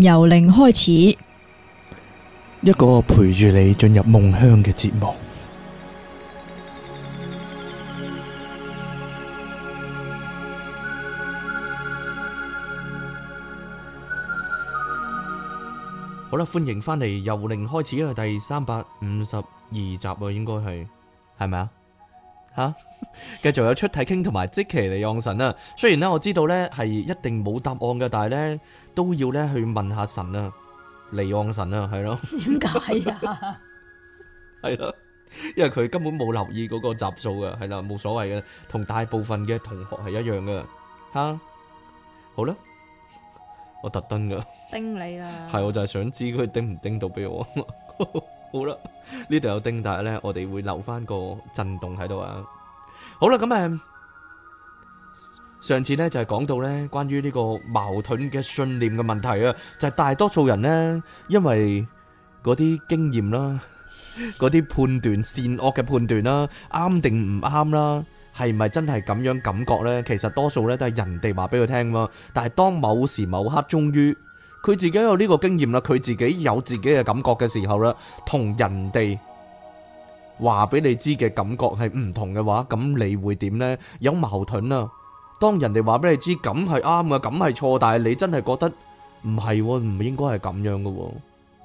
由零開始，一個陪住你進入夢鄉嘅節目。好啦，歡迎返嚟《由零開始》啊，第三百五十二集啊，應該係係咪啊？吓，繼、啊、續有出體傾同埋即期嚟望神啊！雖然咧我知道咧係一定冇答案嘅，但係咧都要咧去問下神啊，嚟望神啊，係咯？點解啊？係咯、 啊，因為佢根本冇留意嗰個集數噶，係啦、啊，冇所謂嘅，同大部分嘅同學係一樣嘅，吓、啊，好啦，我特登噶，叮你啦，係、 啊，我就係想知佢叮唔叮到俾我。 好啦，呢度有釘，但係咧，我哋會留翻個震動喺度啊。好啦，咁誒，上次咧就係講到咧關於呢個矛盾嘅信念嘅問題啊，就係大多數人咧因為嗰啲經驗啦，嗰啲判斷善惡嘅判斷啦，啱定唔啱啦，係咪真係咁樣感覺咧？其實多數咧都係人哋話俾佢聽嘛，但係當某時某刻，終於。佢自己有呢個經驗啦，佢自己有自己嘅感覺嘅時候啦，同人哋話俾你知嘅感覺係唔同嘅話，咁你會點呢？有矛盾啦，啊。當人哋話俾你知咁係啱嘅，咁係錯，但係你真係覺得唔係喎，唔應該係咁樣嘅喎，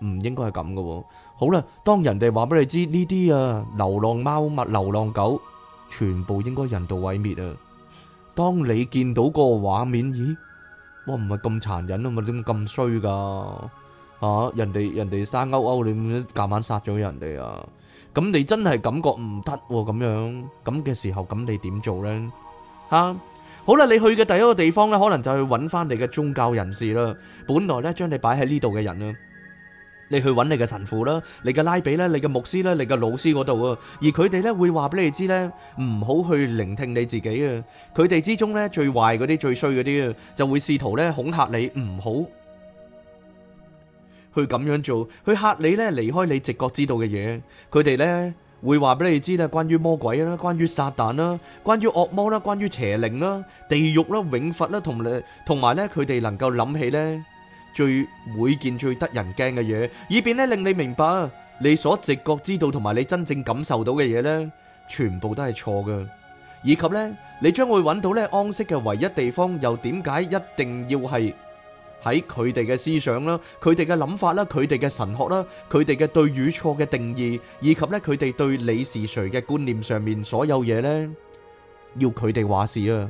唔應該係咁嘅。好啦，啊，當人哋話俾你知呢啲啊流浪貓、物流浪狗，全部應該人道毀滅啊。當你見到個畫面，咦？我唔係咁殘忍啊嘛，點咁衰噶？吓，人哋人哋生勾勾，你夾硬殺咗人哋啊？咁你真係感覺唔得咁樣，咁嘅時候，咁你點做呢？吓、啊，好啦，你去嘅第一個地方呢，可能就去揾翻你嘅宗教人士啦。本來呢，將你擺喺呢度嘅人啊。你去揾你嘅神父啦，你嘅拉比咧，你嘅牧師咧，你嘅老師嗰度啊，而佢哋咧會話俾你知咧，唔好去聆聽你自己啊！佢哋之中咧最壞嗰啲，最衰嗰啲啊，就會試圖咧恐嚇你，唔好去咁樣做，去嚇你咧離開你直覺知道嘅嘢。佢哋咧會話俾你知啦，關於魔鬼啦，關於撒旦啦，關於惡魔啦，關於邪靈啦，地獄啦，永罰啦，同你同埋咧佢哋能夠諗起咧。最每件最得人驚嘅嘢，以便咧令你明白，你所直覺知道同埋你真正感受到嘅嘢呢，全部都係錯嘅。以及呢，你將會揾到呢安息嘅唯一地方，又點解一定要係喺佢哋嘅思想啦、佢哋嘅諗法啦、佢哋嘅神學啦、佢哋嘅對與錯嘅定義，以及呢，佢哋對你是誰嘅觀念上面所有嘢呢，要佢哋話事啊！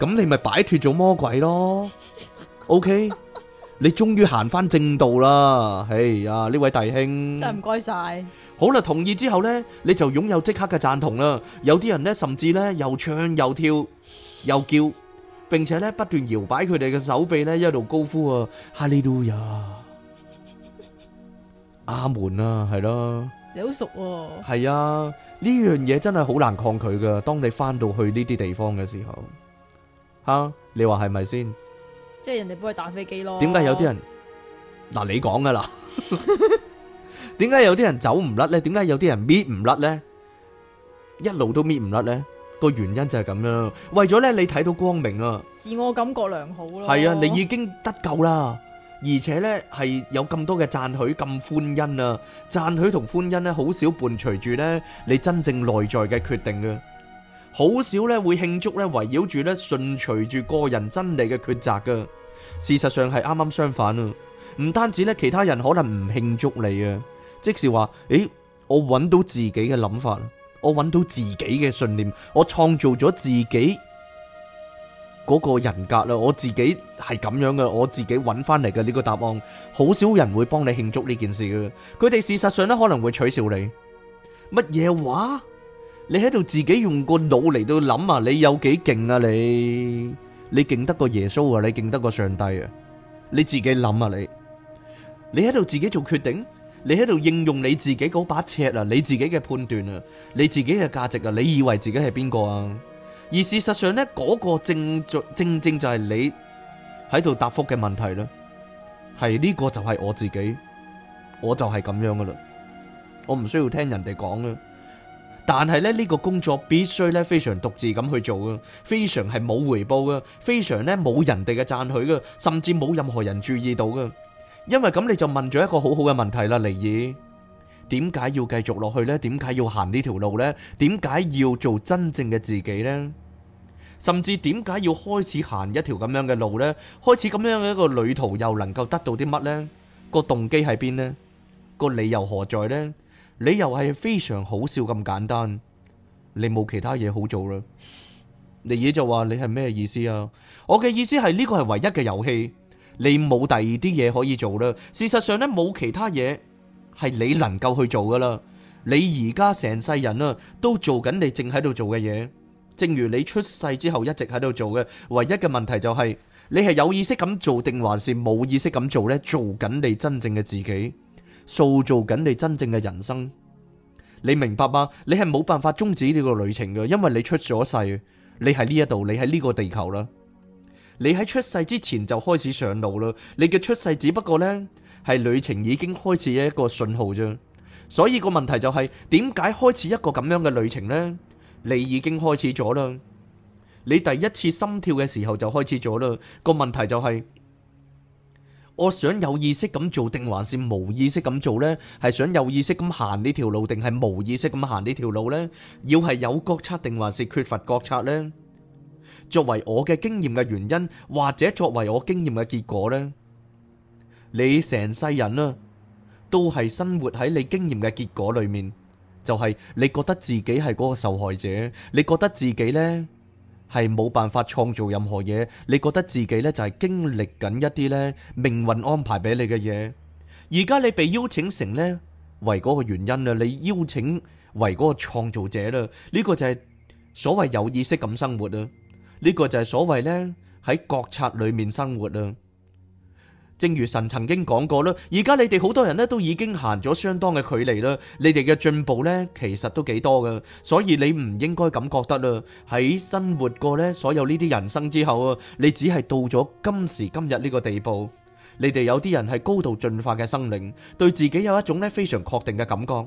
咁你咪擺脫咗魔鬼咯？OK，你終於行翻正道啦！哎呀，呢位弟兄真係唔該晒。好啦，同意之後呢，你就擁有即刻嘅贊同啦。有啲人呢，甚至呢又唱又跳又叫，並且呢不斷搖擺佢哋嘅手臂呢，一路高呼啊哈利路亞、阿門啊，係咯。你好熟喎。係啊，呢樣嘢真係好難抗拒噶。當你翻到去呢啲地方嘅時候。吓，你話係咪先？即係人哋幫你打飛機咯。點解有啲人？嗱，你講噶啦。點解有啲人走唔甩咧？點解有啲人搣唔甩咧？一路都搣唔甩咧？個原因就係咁啦。為咗咧，你睇到光明啊，自我感覺良好咯。係啊，你已經得救啦，而且咧係有咁多嘅贊許、咁歡欣啊。贊許同歡欣咧，好少伴隨住咧你真正內在嘅決定嘅。好少咧會慶祝咧，圍繞住咧順隨住個人真理嘅抉擇噶。事實上係啱啱相反啊！唔單止咧，其他人可能唔慶祝你啊，即係話：誒，我揾到自己嘅諗法，我揾到自己嘅信念，我創造咗自己嗰個人格啦。我自己係咁樣嘅，我自己揾翻嚟嘅呢個答案，好少人會幫你慶祝呢件事噶。佢哋事實上咧可能會取笑你，乜嘢話？你喺度自己用個腦嚟到諗啊！你有幾勁啊你？你勁得過耶穌啊？你勁得過上帝啊？你自己諗啊你！你喺度自己做決定，你喺度應用你自己嗰把尺啊，你自己嘅判斷啊，你自己嘅價值啊！你以為自己係邊個啊？而事實上呢，嗰個正就正正就係你喺度答覆嘅問題啦。係呢個就係我自己，我就係咁樣噶啦，我唔需要聽人哋講啦。但係咧，呢個工作必須咧非常獨自咁去做啊，非常係冇回報噶，非常咧冇人哋嘅讚許噶，甚至冇任何人注意到噶。因為咁，你就問咗一個好好嘅問題啦，尼爾，點解要繼續落去呢？點解要行呢條路呢？點解要做真正嘅自己呢？甚至點解要開始行一條咁樣嘅路呢？開始咁樣嘅一個旅途又能夠得到啲乜呢？個動機喺邊呢？個理由何在呢？你又係非常好笑咁簡單，你冇其他嘢好做啦。你野就話你係咩意思啊？我嘅意思係呢個係唯一嘅遊戲，你冇第二啲嘢可以做啦。事實上呢，冇其他嘢係你能夠去做噶啦。你而家成世人啊，都做緊你正喺度做嘅嘢，正如你出世之後一直喺度做嘅。唯一嘅問題就係、是、你係有意識咁做定還是冇意識咁做呢？做緊你真正嘅自己。塑造緊你真正嘅人生，你明白嗎？你係冇辦法終止呢個旅程嘅，因為你出咗世，你喺呢一度，你喺呢個地球啦。你喺出世之前就開始上路啦，你嘅出世只不過呢係旅程已經開始嘅一個信號啫。所以個問題就係點解開始一個咁樣嘅旅程呢？你已經開始咗啦，你第一次心跳嘅時候就開始咗啦。個問題就係。我想有意識咁做定還是無意識咁做呢？係想有意識咁行呢條路定係無意識咁行呢條路呢？要係有覺察定還是缺乏覺察呢？作為我嘅經驗嘅原因或者作為我經驗嘅結果呢？你成世人啊，都係生活喺你經驗嘅結果裏面，就係你覺得自己係嗰個受害者，你覺得自己呢，係冇辦法創造任何嘢，你覺得自己呢，就係經歷緊一啲呢，命運安排俾你嘅嘢。而家你被邀請成呢，為嗰個原因啦，你邀請為嗰個創造者啦，呢、這個就係所謂有意識咁生活啦，呢、這個就係所謂呢，喺覺察裏面生活啦。正如神曾經講過啦，而家你哋好多人咧都已經行咗相當嘅距離啦，你哋嘅進步咧其實都幾多噶，所以你唔應該咁覺得啦。喺生活過咧所有呢啲人生之後啊，你只係到咗今時今日呢個地步。你哋有啲人係高度進化嘅生靈，對自己有一種咧非常確定嘅感覺。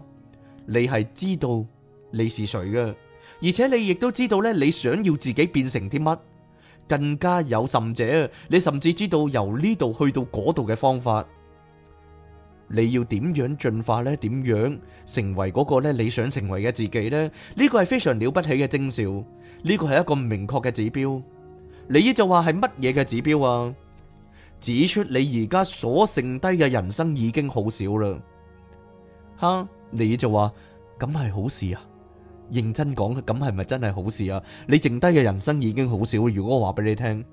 你係知道你是誰噶，而且你亦都知道咧你想要自己變成啲乜。更加有甚者，你甚至知道由呢度去到嗰度嘅方法。你要點樣進化咧？點樣成為嗰個咧你想成為嘅自己咧？呢個係非常了不起嘅徵兆，呢個係一個明確嘅指標。你依就話係乜嘢嘅指標啊？指出你而家所剩低嘅人生已經好少啦。吓，你就話咁係好事啊？認真講，咁係咪真係好事啊？你剩低嘅人生已經好少。如果我話俾你聽，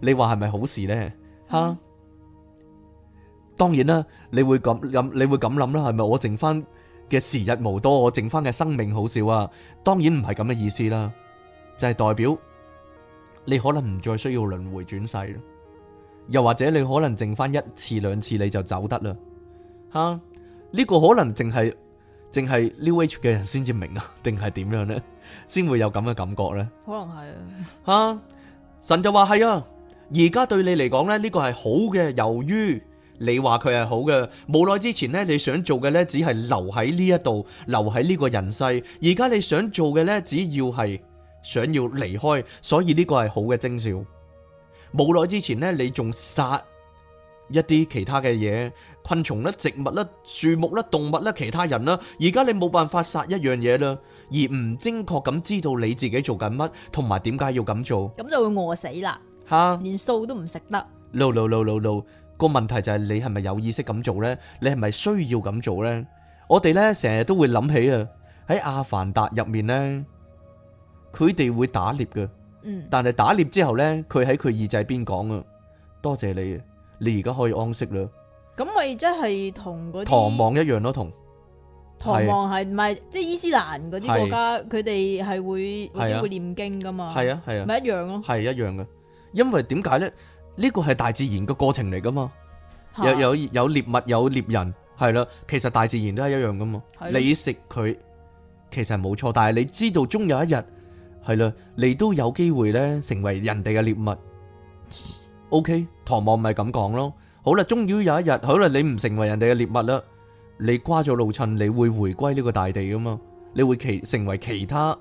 你話係咪好事呢？吓、嗯，當然啦，你會咁諗，你會咁諗啦，係咪？我剩翻嘅時日無多，我剩翻嘅生命好少啊！當然唔係咁嘅意思啦，就係、是、代表你可能唔再需要輪迴轉世啦，又或者你可能剩翻一次兩次你就走得啦。吓、嗯，呢個可能淨係。淨係 New Age 嘅人先至明啊，定係點樣呢？先會有咁嘅感覺呢？可能係啊，神就話係啊，而家對你嚟講呢，呢個係好嘅，由於你話佢係好嘅，無耐之前呢，你想做嘅呢，只係留喺呢一度，留喺呢個人世，而家你想做嘅呢，只要係想要離開，所以呢個係好嘅徵兆。無耐之前呢，你仲殺。一啲其他嘅嘢，昆蟲啦、植物啦、樹木啦、動物啦、其他人啦，而家你冇辦法殺一樣嘢啦，而唔正確咁知道你自己做緊乜，同埋點解要咁做，咁就會餓死啦，吓連素都唔食得。No no no no no，個問題就係你係咪有意識咁做呢？你係咪需要咁做呢？我哋咧成日都會諗起啊，喺《阿凡達》入面呢，佢哋會打獵嘅，嗯，但係打獵之後呢，佢喺佢耳仔邊講啊，多謝你啊。你而家可以安息啦。咁咪即係同嗰啲唐望一樣咯，同唐望係唔係即係伊斯蘭嗰啲國家，佢哋係會或者會念經噶嘛？係啊係啊，咪一樣咯。係一樣嘅，因為點解咧？呢個係大自然嘅過程嚟噶嘛。有有有獵物有獵人係啦，其實大自然都係一樣噶嘛。你食佢其實冇錯，但係你知道終有一日係啦，你都有機會咧成為人哋嘅獵物。O K。旁望咪咁講咯，好啦，終於有一日，好啦，你唔成為人哋嘅獵物啦，你瓜咗老襯，你會回歸呢個大地噶嘛？你會其成為其他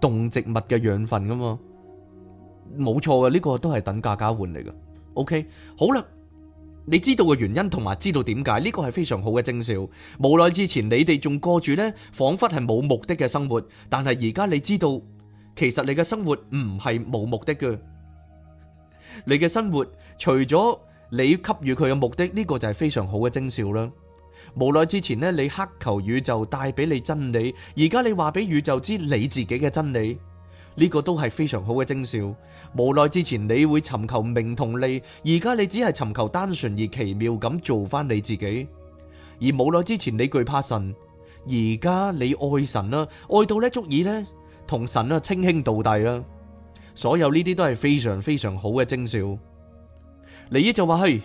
動植物嘅養分噶嘛？冇錯噶，呢個都係等價交換嚟噶。OK，好啦，你知道嘅原因同埋知道點解呢個係非常好嘅徵兆。冇耐之前你哋仲過住咧，仿佛係冇目的嘅生活，但係而家你知道，其實你嘅生活唔係冇目的嘅。你嘅生活除咗你給予佢嘅目的，呢、這個就係非常好嘅徵兆啦。無奈之前咧，你乞求宇宙帶俾你真理，而家你話俾宇宙知你自己嘅真理，呢、這個都係非常好嘅徵兆。無奈之前你會尋求名同利，而家你只係尋求單純而奇妙咁做返你自己。而無奈之前你懼怕神，而家你愛神啦，愛到咧足以咧同神啊稱兄道弟啦。所有呢啲都係非常非常好嘅徵兆。尼爾就話：嘿，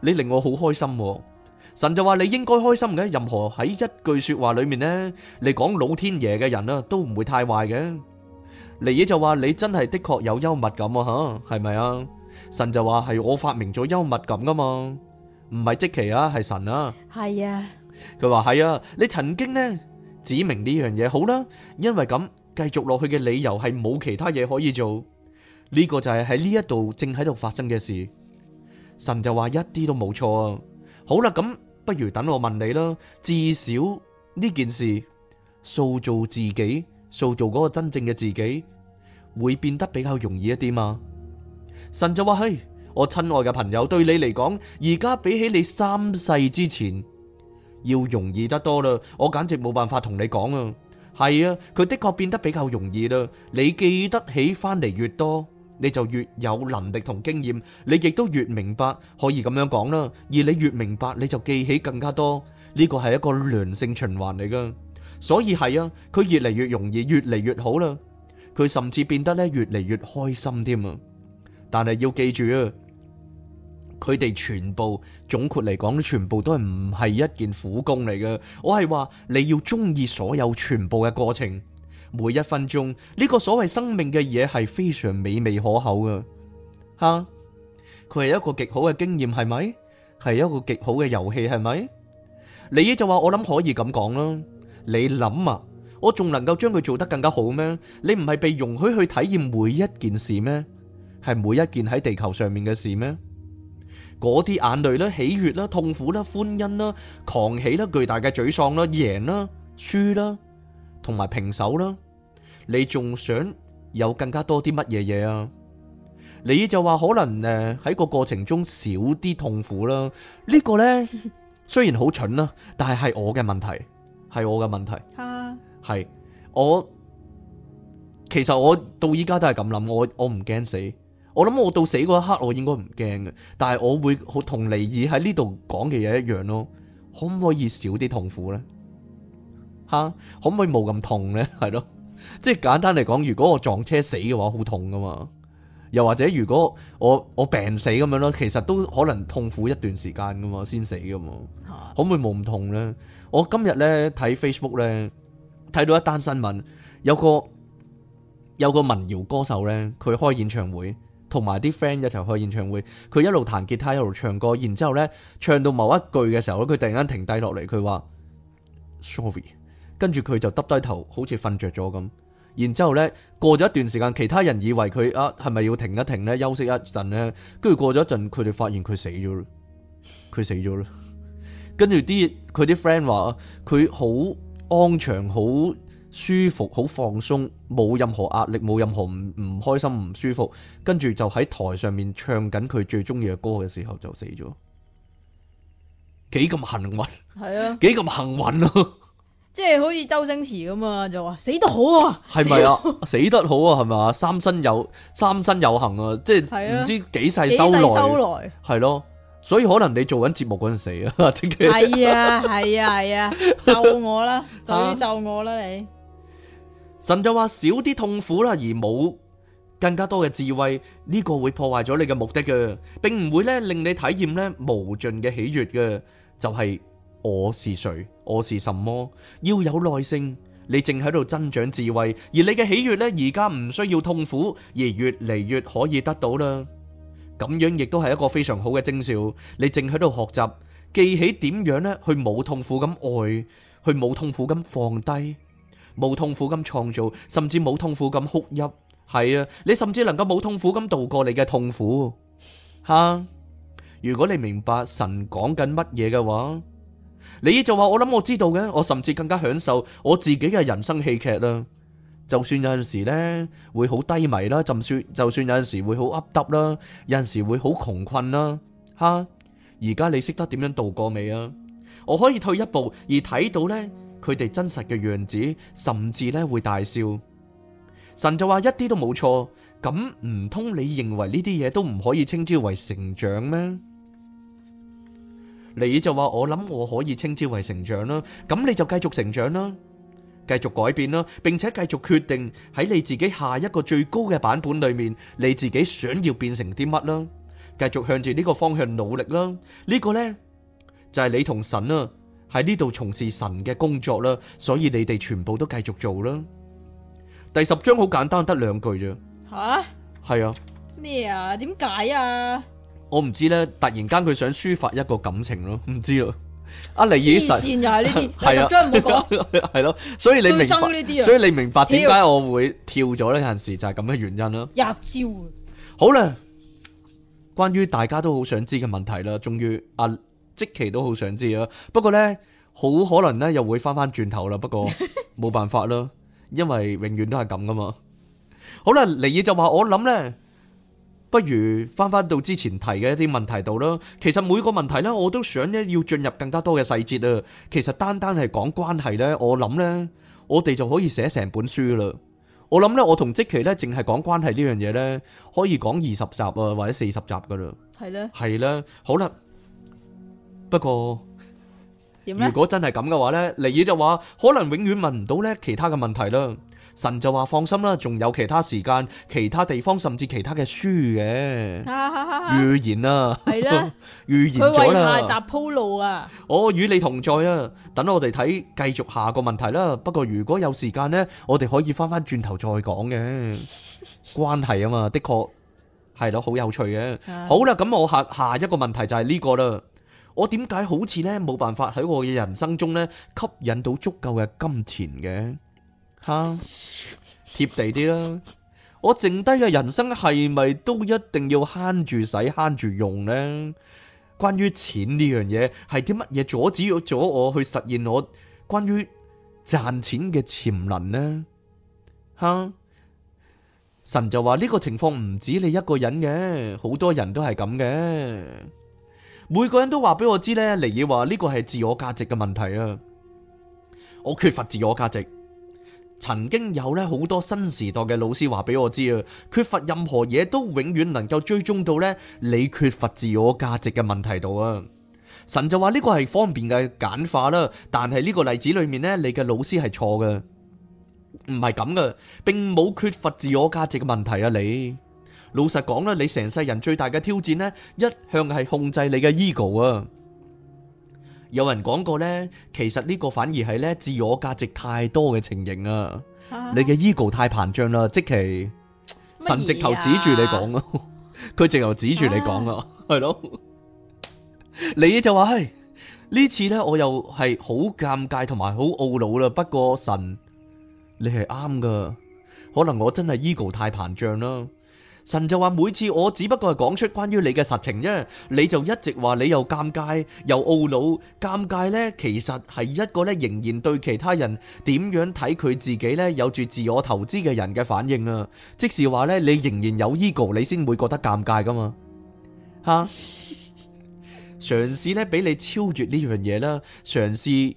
你令我好開心。神就話：你應該開心嘅。任何喺一句說話裏面呢，你講老天爺嘅人啦，都唔會太壞嘅。尼爾就話：你真係的確有幽默感啊，吓係咪啊？神就話：係我發明咗幽默感噶嘛，唔係即奇啊，係神啊。係啊。佢話係啊，你曾經呢指明呢樣嘢好啦，因為咁。繼續落去嘅理由係冇其他嘢可以做，呢個就係喺呢一度正喺度發生嘅事。神就話，一啲都冇錯啊！好啦，咁不如等我問你啦。至少呢件事塑造自己、塑造嗰個真正嘅自己，會變得比較容易一啲嘛？神就話：嘿，我親愛嘅朋友，對你嚟講，而家比起你三世之前，要容易得多啦。我簡直冇辦法同你講啊！係啊，佢的確變得比較容易啦。你記得起翻嚟越多，你就越有能力同經驗，你亦都越明白，可以咁樣講啦。而你越明白，你就記起更加多，呢個係一個良性循環嚟噶。所以係啊，佢越嚟越容易，越嚟越好啦。佢甚至變得呢，越嚟越開心添啊。但係要記住啊。佢哋全部總括嚟講，全部都係唔係一件苦工嚟嘅。我係話你要中意所有全部嘅過程，每一分鐘呢個所謂生命嘅嘢係非常美味可口嘅。吓，佢係一個極好嘅經驗，係咪？係一個極好嘅遊戲，係咪？你就話我諗可以咁講啦。你諗啊，我仲能夠將佢做得更加好咩？你唔係被容許去體驗每一件事咩？係每一件喺地球上面嘅事咩？嗰啲眼淚啦、喜悅啦、痛苦啦、歡欣啦、狂喜啦、巨大嘅沮喪啦、贏啦、輸啦，同埋平手啦，你仲想有更加多啲乜嘢嘢啊？你就話可能誒喺個過程中少啲痛苦啦，呢個呢雖然好蠢啦，但係係我嘅問題，係我嘅問題，係我其實我到依家都係咁諗，我我唔驚死。我諗我到死嗰一刻，我應該唔驚嘅，但係我會好同尼爾喺呢度講嘅嘢一樣咯。可唔可以少啲痛苦呢？吓，可唔可以冇咁痛呢？係咯，即係簡單嚟講，如果我撞車死嘅話，好痛噶嘛。又或者如果我我病死咁樣咯，其實都可能痛苦一段時間噶嘛，先死噶嘛。可唔可以冇咁痛呢？我今日呢睇 Facebook 呢，睇到一單新聞，有個有個民謠歌手呢，佢開演唱會。同埋啲 friend 一齊開演唱會，佢一路彈吉他一路唱歌，然之後咧唱到某一句嘅時候咧，佢突然間停低落嚟，佢話 sorry，跟住佢就耷低頭，好似瞓着咗咁。然之後咧過咗一段時間，其他人以為佢啊係咪要停一停咧，休息一陣咧，跟住過咗一陣，佢哋發現佢死咗啦，佢死咗啦。跟住啲佢啲 friend 話佢好安詳，好。舒服，好放鬆，冇任何壓力，冇任何唔唔開心、唔舒服，跟住就喺台上面唱緊佢最中意嘅歌嘅時候就死咗，幾咁幸運，係啊，幾咁幸運咯、啊，即係好似周星馳咁啊，就話死得好啊，係咪？ 啊，死得好啊，係咪啊，三生有三生有幸啊，即係唔知幾世修來，係咯，所以可能你做緊節目嗰陣死啊，係啊，係啊，係啊，咒我啦，再咒我啦，你。神就話少啲痛苦啦，而冇更加多嘅智慧呢、呢個會破壞咗你嘅目的嘅，並唔會咧令你體驗呢無盡嘅喜悅嘅。就係、是、我是誰，我是什麼？要有耐性，你正喺度增長智慧，而你嘅喜悅呢，而家唔需要痛苦，而越嚟越可以得到啦。咁樣亦都係一個非常好嘅徵兆。你正喺度學習記起點樣咧去冇痛苦咁愛，去冇痛苦咁放低。冇痛苦咁創造，甚至冇痛苦咁哭泣，係啊！你甚至能夠冇痛苦咁度過你嘅痛苦，吓！如果你明白神講緊乜嘢嘅話，你就話我諗我知道嘅，我甚至更加享受我自己嘅人生戲劇啦。就算有陣時呢會好低迷啦，就算就算有陣時會好噏耷啦，up, 有陣時會好窮困啦，吓！而家你識得點樣度過未啊？我可以退一步而睇到呢。佢哋真實嘅樣子，甚至咧會大笑。神就話一啲都冇錯，咁唔通你認為呢啲嘢都唔可以稱之為成長咩？你就話我諗我可以稱之為成長啦，咁你就繼續成長啦，繼續改變啦，並且繼續決定喺你自己下一個最高嘅版本裏面，你自己想要變成啲乜啦，繼續向住呢個方向努力啦。呢個呢就係你同神啊。喺呢度從事神嘅工作啦，所以你哋全部都繼續做啦。第十章好簡單，得兩句啫。吓，係啊。咩啊？點解啊？我唔知咧，突然間佢想抒發一個感情咯，唔知啊。阿尼爾，黐線又係呢啲，第十章唔會講係咯。所以你明呢啲，所以你明白點解我會跳咗呢陣時，就係咁嘅原因咯。吔蕉，好啦，關於大家都好想知嘅問題啦，終於啊。即其都好想知啊，不過咧，好可能咧又會翻翻轉頭啦。不過冇辦法咯，因為永遠都係咁噶嘛。好啦，尼爾就話我諗咧，不如翻翻到之前提嘅一啲問題度啦。其實每個問題咧，我都想咧要進入更加多嘅細節啊。其實單單係講關係咧，我諗咧，我哋就可以寫成本書啦。我諗咧，我同即其咧淨係講關係呢樣嘢咧，可以講二十集啊，或者四十集噶啦。係咧，係咧。好啦。不過，如果真係咁嘅話呢，尼爾就話可能永遠問唔到呢其他嘅問題啦。神就話放心啦，仲有其他時間、其他地方甚至其他嘅書嘅預、啊啊、言啊，係預的 言咗啦。下集鋪路啊、我與你同在啊，等我哋睇繼續下個問題啦。不過如果有時間呢，我哋可以翻翻轉頭再講嘅 關係啊嘛，的確係咯，好有趣嘅。啊、好啦，咁我下下一個問題就係呢個啦。我點解好似咧冇辦法喺我嘅人生中咧吸引到足夠嘅金錢嘅？吓，貼地啲啦。我剩低嘅人生係咪都一定要慳住使，慳住用呢？關於錢呢樣嘢，係啲乜嘢阻止咗我去實現我關於賺錢嘅潛能呢？吓，神就話呢個情況唔止你一個人嘅，好多人都係咁嘅。每個人都話俾我知呢，尼爾話呢個係自我價值嘅問題啊，我缺乏自我價值。曾經有咧好多新時代嘅老師話俾我知啊，缺乏任何嘢都永遠能夠追蹤到呢，你缺乏自我價值嘅問題度啊。神就話呢個係方便嘅簡化啦，但係呢個例子裏面呢，你嘅老師係錯嘅，唔係咁噶，並冇缺乏自我價值嘅問題啊，你。老實講咧，你成世人最大嘅挑戰咧，一向係控制你嘅 ego 啊。有人講過呢，其實呢個反而係咧自我價值太多嘅情形啊。啊你嘅 ego 太膨脹啦，即係麼神直頭指住你講啊，佢 直頭指住你講啊，係咯。你就話，嘿，呢次呢，我又係好尷尬同埋好懊惱啦。不過神，你係啱噶，可能我真係 ego 太膨脹啦。神就話：每次我只不過係講出關於你嘅實情啫，你就一直話你又尷尬又懊惱。尷尬呢，其實係一個咧仍然對其他人點樣睇佢自己呢有住自我投資嘅人嘅反應啊。即是話呢，你仍然有 ego，你先會覺得尷尬噶嘛。吓，嘗試咧俾你超越呢樣嘢啦，嘗試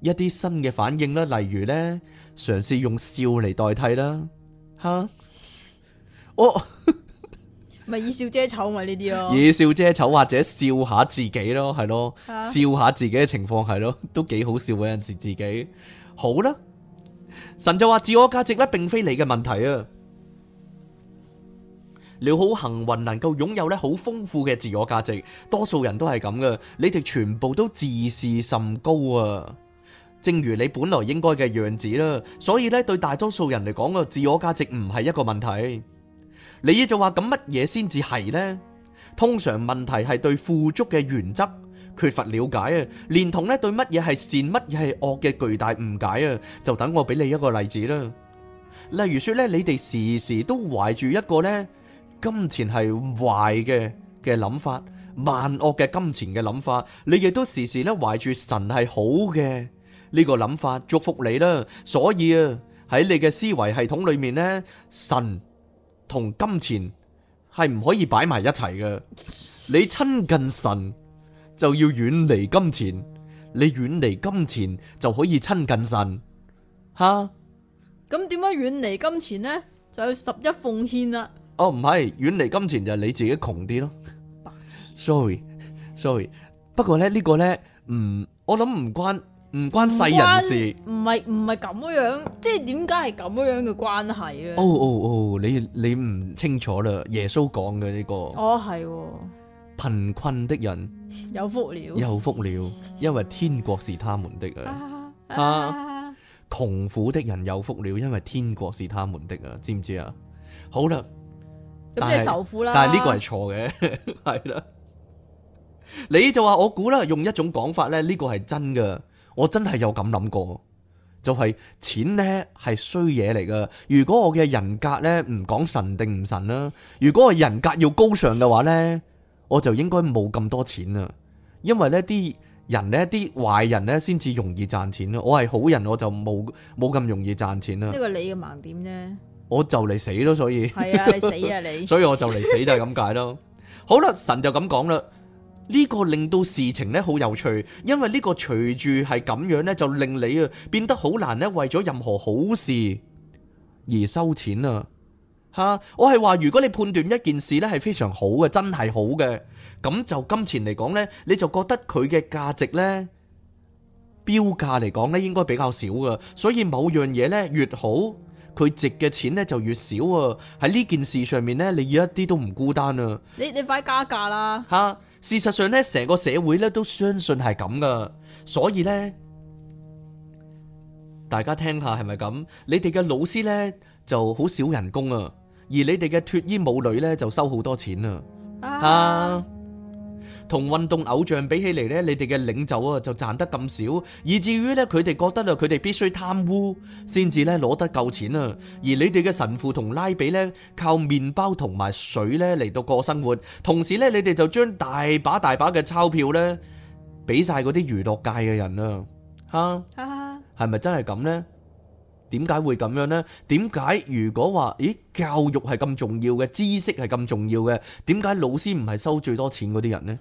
一啲新嘅反應啦，例如呢：嘗試用笑嚟代替啦。吓。哦，咪以、oh, 笑遮醜咪呢啲咯，以笑遮醜或者笑下自己咯，係咯，啊、笑下自己嘅情況係咯，都幾好笑嘅。有陣時自己好啦，神就話自我價值咧，並非你嘅問題啊。你好幸運能夠擁有咧好豐富嘅自我價值，多數人都係咁噶，你哋全部都自視甚高啊，正如你本來應該嘅樣子啦。所以咧，對大多數人嚟講，個自我價值唔係一個問題。你亦就話咁乜嘢先至係呢？通常問題係對富足嘅原則缺乏了解啊，連同咧對乜嘢係善、乜嘢係惡嘅巨大誤解啊。就等我俾你一個例子啦。例如說咧，你哋時時都懷住一個咧金錢係壞嘅嘅諗法，萬惡嘅金錢嘅諗法。你亦都時時咧懷住神係好嘅呢個諗法，祝福你啦。所以啊，喺你嘅思維系統裏面呢，神。同金錢係唔可以擺埋一齊嘅，你親近神就要遠離金錢，你遠離金錢就可以親近神。吓，咁點樣遠離金錢呢？就係十一奉獻啦。哦，唔係遠離金錢就係你自己窮啲咯。Sorry，Sorry， sorry 不過咧呢、呢個呢，唔、嗯，我諗唔關。唔關世人事，唔係唔係咁樣，即係點解係咁樣嘅關係啊？哦哦哦，你你唔清楚啦，耶穌講嘅呢個哦係，貧、oh, 困的人有福了，有福了，因為天國是他們的啊啊！窮 苦的人有福了，因為天國是他們的啊，知唔知啊？好啦，咁即係仇富啦，但係呢個係錯嘅，係 啦，你就話我估啦，用一種講法咧，呢個係真嘅。我真係有咁諗過，就係、是、錢呢係衰嘢嚟噶。如果我嘅人格呢唔講神定唔神啦，如果我人格要高尚嘅話呢，我就應該冇咁多錢啊。因為呢啲人呢，啲壞人呢先至容易賺錢，我係好人我就冇冇咁容易賺錢啦。呢個你嘅盲點啫，我就嚟死咯，所以係啊，你死啊你，所以我就嚟死、啊死、啊、 死就係咁解咯。 好啦，神就咁講啦。呢個令到事情呢好有趣，因為呢個隨住係咁樣呢就令你啊，變得好難呢為咗任何好事而收錢啊！吓、啊，我係話如果你判斷一件事呢係非常好嘅，真係好嘅，咁就金錢嚟講呢你就覺得佢嘅價值呢，標價嚟講呢應該比較少噶所以某樣嘢呢越好，佢值嘅錢呢就越少啊！喺呢件事上面呢，你要一啲都唔孤單啊！你你快加價啦！吓、啊！事實上咧，成個社會咧都相信係咁噶，所以呢，大家聽下係咪咁？你哋嘅老師呢就好少人工啊，而你哋嘅脫衣舞女呢就收好多錢啊！啊！同運動偶像比起嚟呢，你哋嘅領袖啊就賺得咁少，以至於呢，佢哋覺得啊，佢哋必須貪污先至呢攞得夠錢啊。而你哋嘅神父同拉比呢，靠麵包同埋水呢嚟到過生活，同時呢，你哋就將大把大把嘅鈔票呢俾晒嗰啲娛樂界嘅人啊，吓，係咪真係咁呢？點解會咁樣呢？點解如果話，咦，教育係咁重要嘅，知識係咁重要嘅，點解老師唔係收最多錢嗰啲人呢？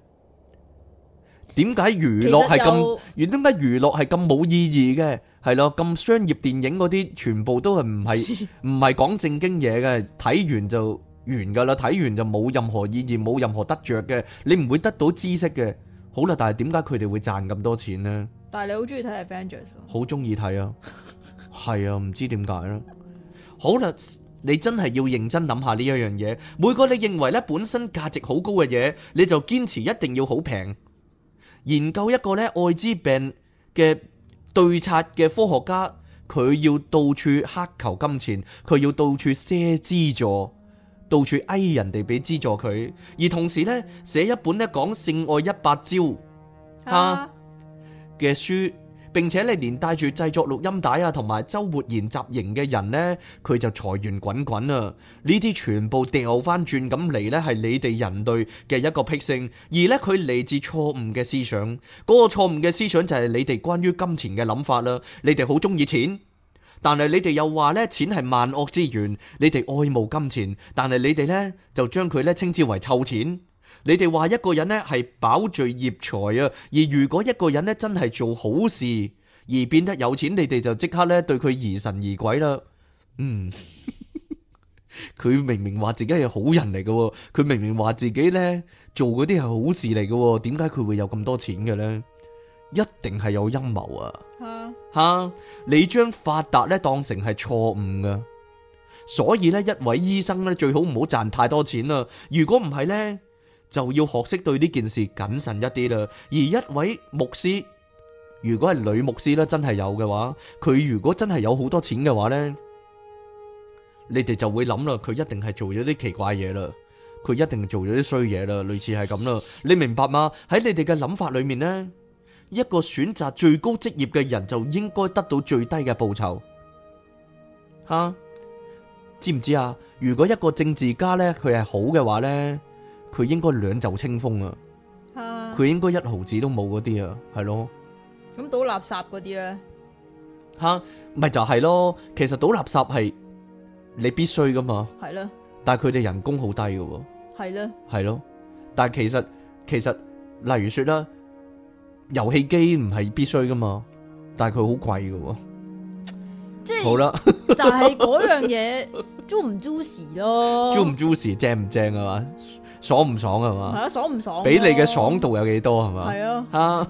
點解娛樂係咁？點解娛樂係咁冇意義嘅？係咯，咁商業電影嗰啲，全部都係唔係唔係講正經嘢嘅，睇完就完噶啦，睇完就冇任何意義，冇任何得着嘅，你唔會得到知識嘅。好啦，但係點解佢哋會賺咁多錢呢？但係你好中意睇 Avengers？好中意睇啊！係啊，唔知點解囉。好啦，你真係要認真諗下呢一樣嘢。每個你認為咧本身價值好高嘅嘢，你就堅持一定要好平。研究一個咧愛滋病嘅對策嘅科學家，佢要到處乞求金錢，佢要到處賒資助，到處呓人哋俾資助佢。而同時呢，寫一本咧講性愛一百招啊嘅書。並且你連帶住製作錄音帶啊，同埋周活言集型嘅人咧，佢就財源滾滾啊！呢啲全部掉翻轉咁嚟咧，係你哋人類嘅一個癖性，而咧佢嚟自錯誤嘅思想。嗰個錯誤嘅思想就係你哋關於金錢嘅諗法啦。你哋好中意錢，但係你哋又話咧錢係萬惡之源。你哋愛慕金錢，但係你哋咧就將佢咧稱之為臭錢。你哋話一個人咧係飽罪業財啊，而如果一個人咧真係做好事而變得有錢，你哋就即刻咧對佢疑神疑鬼啦。嗯，佢 明明話自己係好人嚟嘅，佢明明話自己咧做嗰啲係好事嚟嘅，點解佢會有咁多錢嘅呢？一定係有陰謀啊！吓、啊啊，你將發達咧當成係錯誤噶，所以呢，一位醫生咧最好唔好賺太多錢啦。如果唔係呢。就要學識對呢件事謹慎一啲啦。而一位牧師，如果係女牧師咧，真係有嘅話，佢如果真係有好多錢嘅話呢，你哋就會諗啦，佢一定係做咗啲奇怪嘢啦，佢一定做咗啲衰嘢啦，類似係咁啦。你明白嗎？喺你哋嘅諗法裏面呢，一個選擇最高職業嘅人就應該得到最低嘅報酬，吓，知唔知啊？如果一個政治家呢，佢係好嘅話呢？佢應該兩袖清風啊！佢應該一毫子都冇嗰啲啊，係咯。咁倒垃圾嗰啲咧吓，咪就係咯。其實倒垃圾係你必須噶嘛。係咯。但係佢哋人工好低噶喎。係咯。係咯。但係其實其實，例如說啦，遊戲機唔係必須噶嘛，但係佢好貴噶。即係。好啦，就係嗰樣嘢，租唔租時咯？租唔租時正唔正啊？爽唔爽啊？係嘛，係啊，爽唔爽？俾你嘅爽度有幾多？係嘛，係啊，啊，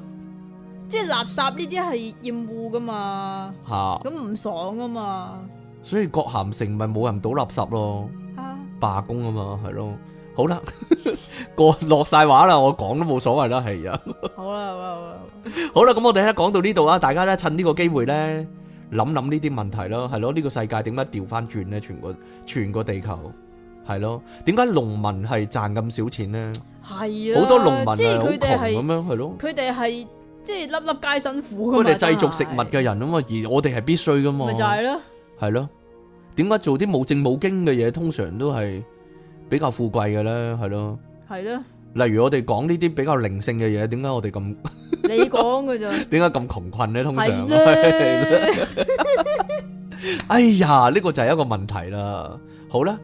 即係垃圾呢啲係厭惡噶嘛，吓，咁唔爽噶嘛，所以郭咸城咪冇人倒垃圾咯，啊，罷工啊嘛，係咯，好啦，過落晒話啦，我講都冇所謂啦，係啊，好啦，好啦，好啦，咁我哋咧講到呢度啦，大家咧趁呢個機會咧諗諗呢啲問題咯，係咯，呢個世界點解調翻轉咧？全個全個地球。係咯，點解農民係賺咁少錢咧？係啊，好多農民好窮咁樣，係咯。佢哋係即係粒粒皆辛苦。佢哋製造食物嘅人啊嘛，而我哋係必須噶嘛。咪就係咯，係咯。點解做啲冇正冇經嘅嘢，通常都係比較富貴嘅咧？係咯，係咯。例如我哋講呢啲比較靈性嘅嘢，點解我哋咁？你講噶咋？點解咁窮困咧？通常，哎呀，呢個就係一個問題啦。好啦。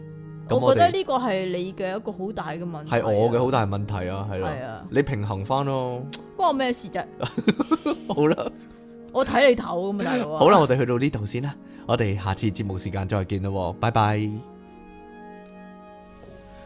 我覺得呢個係你嘅一個好大嘅問題，係我嘅好大問題啊，係咯，係啊，你平衡翻咯，關我咩事啫？ 好啦吧，我睇你頭咁啊，大佬。好啦，我哋去到呢度先啦，我哋下次節目時間再見啦，拜拜。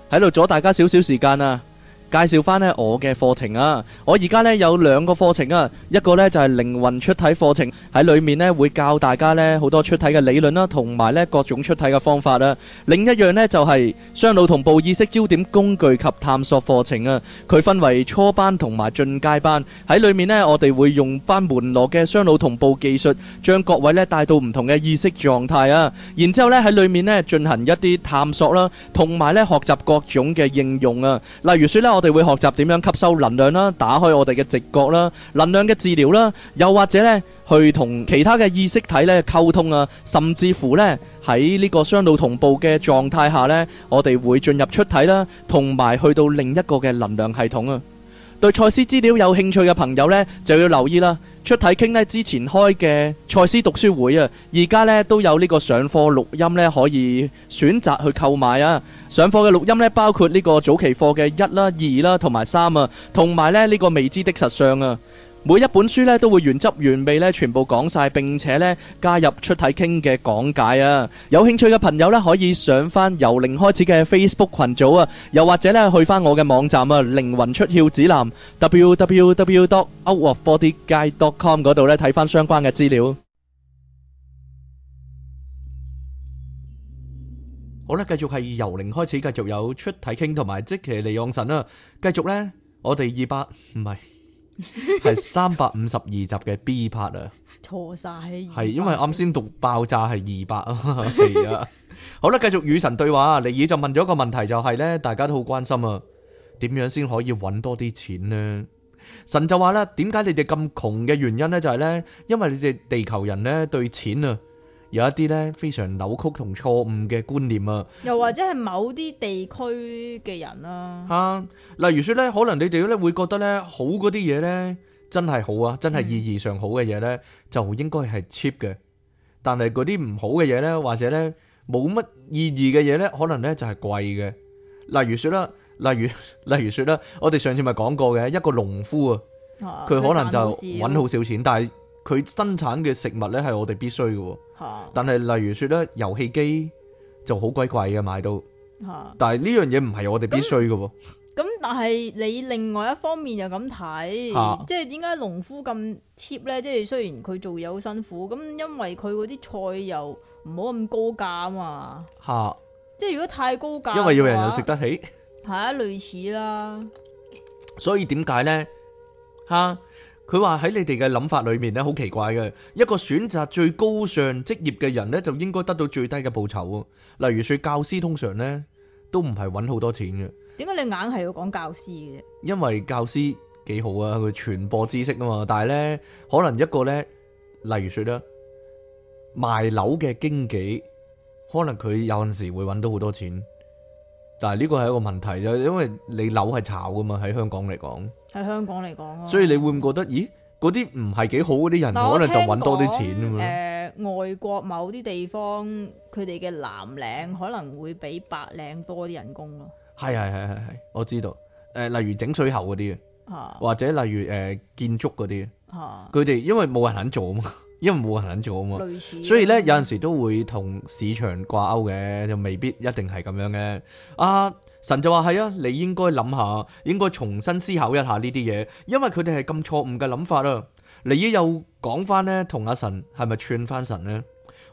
喺度 阻大家少少時間啊！介紹翻呢我嘅課程啊！我而家呢有兩個課程啊，一個呢就係靈魂出體課程，喺裡面呢會教大家呢好多出體嘅理論啦，同埋呢各種出體嘅方法啊。另一樣呢就係雙腦同步意識焦點工具及探索課程啊。佢分為初班同埋進階班，喺裡面呢，我哋會用翻門羅嘅雙腦同步技術，將各位呢帶到唔同嘅意識狀態啊。然之後呢，喺裡面呢進行一啲探索啦，同埋呢學習各種嘅應用啊。例如説呢。我哋會學習點樣吸收能量啦，打開我哋嘅直覺啦，能量嘅治療啦，又或者呢去同其他嘅意識體呢溝通啊，甚至乎呢喺呢個雙腦同步嘅狀態下呢，我哋會進入出體啦，同埋去到另一個嘅能量系統啊。對賽斯資料有興趣嘅朋友呢，就要留意啦。出體傾呢之前開嘅賽斯讀書會啊，而家呢都有呢個上課錄音呢，可以選擇去購買啊。上課嘅錄音咧，包括呢個早期課嘅一啦、二啦同埋三啊，同埋咧呢個未知的實相啊，每一本書咧都會原汁原味咧全部講晒，並且咧加入出體傾嘅講解啊。有興趣嘅朋友咧，可以上翻由零開始嘅 Facebook 群組啊，又或者咧去翻我嘅網站啊，靈魂出竅指南 www.outofbodyguide.com 嗰度咧睇翻相關嘅資料。好啦，繼續係由零開始，繼續有出體傾同埋即其利用神繼 200, 200, 啊。繼 續咧，我哋二百唔係係三百五十二集嘅 B part 啊，錯晒係，因為啱先讀爆炸係二百啊。係啊，好啦，繼續與神對話啊。尼爾就問咗個問題就係、是、咧，大家都好關心啊，點樣先可以揾多啲錢呢？神就話啦，點解你哋咁窮嘅原因咧就係、是、咧，因為你哋地球人咧對錢啊。有一啲咧非常扭曲同錯誤嘅觀念啊，又或者係某啲地區嘅人啦、啊。啊，例如説咧，可能你哋咧會覺得咧好嗰啲嘢咧真係好啊，真係意義上好嘅嘢咧就應該係 cheap 嘅，但係嗰啲唔好嘅嘢咧或者咧冇乜意義嘅嘢咧，可能咧就係貴嘅。例如説啦，例如例如説啦，我哋上次咪講過嘅一個農夫啊，佢可能就揾好少錢，但係。佢生產嘅食物咧係我哋必須嘅，的但係例如說咧遊戲機就好鬼貴嘅，買到，的但係呢樣嘢唔係我哋必須嘅喎。咁但係你另外一方面又咁睇的，即係點解農夫咁 cheap 咧？即係雖然佢做嘢好辛苦，咁因為佢嗰啲菜又唔好咁高價啊嘛。吓的，即係如果太高價，因為要人又食得起，係啊，類似啦。所以點解咧？吓？佢話喺你哋嘅諗法裏面呢，好奇怪嘅一個選擇最高尚職業嘅人呢，就應該得到最低嘅報酬啊！例如説，教師通常呢都唔係揾好多錢嘅。點解你硬係要講教師嘅？因為教師幾好啊，佢傳播知識啊嘛。但係呢，可能一個呢，例如説呢賣樓嘅經紀，可能佢有陣時會揾到好多錢，但係呢個係一個問題，就因為你樓係炒嘅嘛，喺香港嚟講。喺香港嚟講，所以你會唔覺得，咦？嗰啲唔係幾好嗰啲人，可能就搵多啲錢啊！誒、呃，外國某啲地方，佢哋嘅藍領可能會比白領多啲人工咯。係係係係係，我知道。誒、呃，例如整水喉嗰啲啊，或者例如誒、呃、建築嗰啲，佢哋因為冇人肯做啊嘛，因為冇人肯做啊嘛，類似，所以咧有陣時都會同市場掛鈎嘅，就未必一定係咁樣嘅。啊！神就話係啊，你應該諗下，應該重新思考一下呢啲嘢，因為佢哋係咁錯誤嘅諗法啊。你而又講翻呢，同阿神係咪串翻神呢？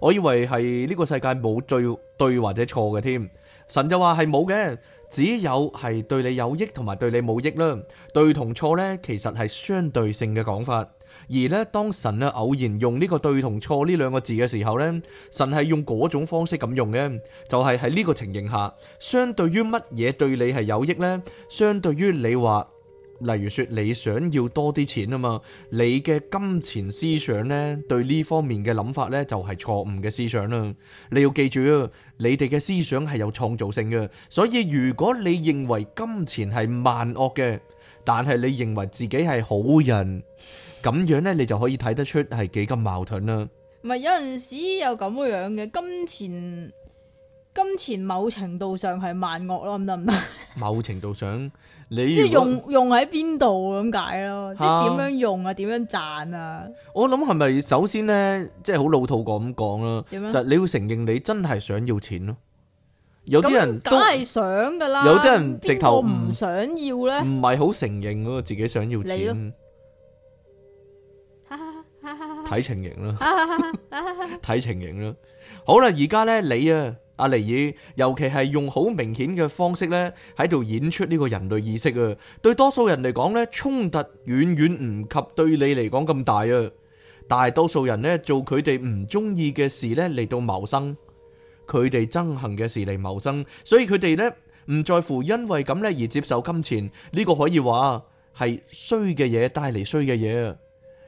我以為係呢個世界冇對對或者錯嘅添。神就話係冇嘅，只有係對你有益同埋對你冇益啦。對同錯呢，其實係相對性嘅講法。而咧，當神啊偶然用呢個對同錯呢兩個字嘅時候咧，神係用嗰種方式咁用嘅，就係喺呢個情形下，相對於乜嘢對你係有益呢？相對於你話，例如說你想要多啲錢啊嘛，你嘅金錢思想呢，對呢方面嘅諗法呢，就係錯誤嘅思想啦。你要記住，你哋嘅思想係有創造性嘅，所以如果你認為金錢係萬惡嘅，但係你認為自己係好人。咁樣咧，你就可以睇得出係幾咁矛盾啦。唔係有陣時又咁嘅樣嘅，金錢金錢某程度上係萬惡咯，咁得唔得？某程度上，你即係用用喺邊度咁解咯，即係點樣用啊，點樣賺啊？我諗係咪首先咧，即係好老套講咁講啦，樣就你會承認你真係想要錢咯？有啲人都係想噶啦，有啲人直頭唔想要咧，唔係好承認咯，自己想要錢。睇情形啦，睇情形啦。好啦，而家呢，你啊，阿尼爾，尤其係用好明顯嘅方式呢喺度演出呢個人類意識啊。對多數人嚟講呢，衝突遠遠唔及對你嚟講咁大啊。大多數人呢，做佢哋唔中意嘅事呢嚟到謀生，佢哋憎恨嘅事嚟謀生，所以佢哋呢，唔在乎，因為咁呢而接受金錢。呢個可以話係衰嘅嘢帶嚟衰嘅嘢。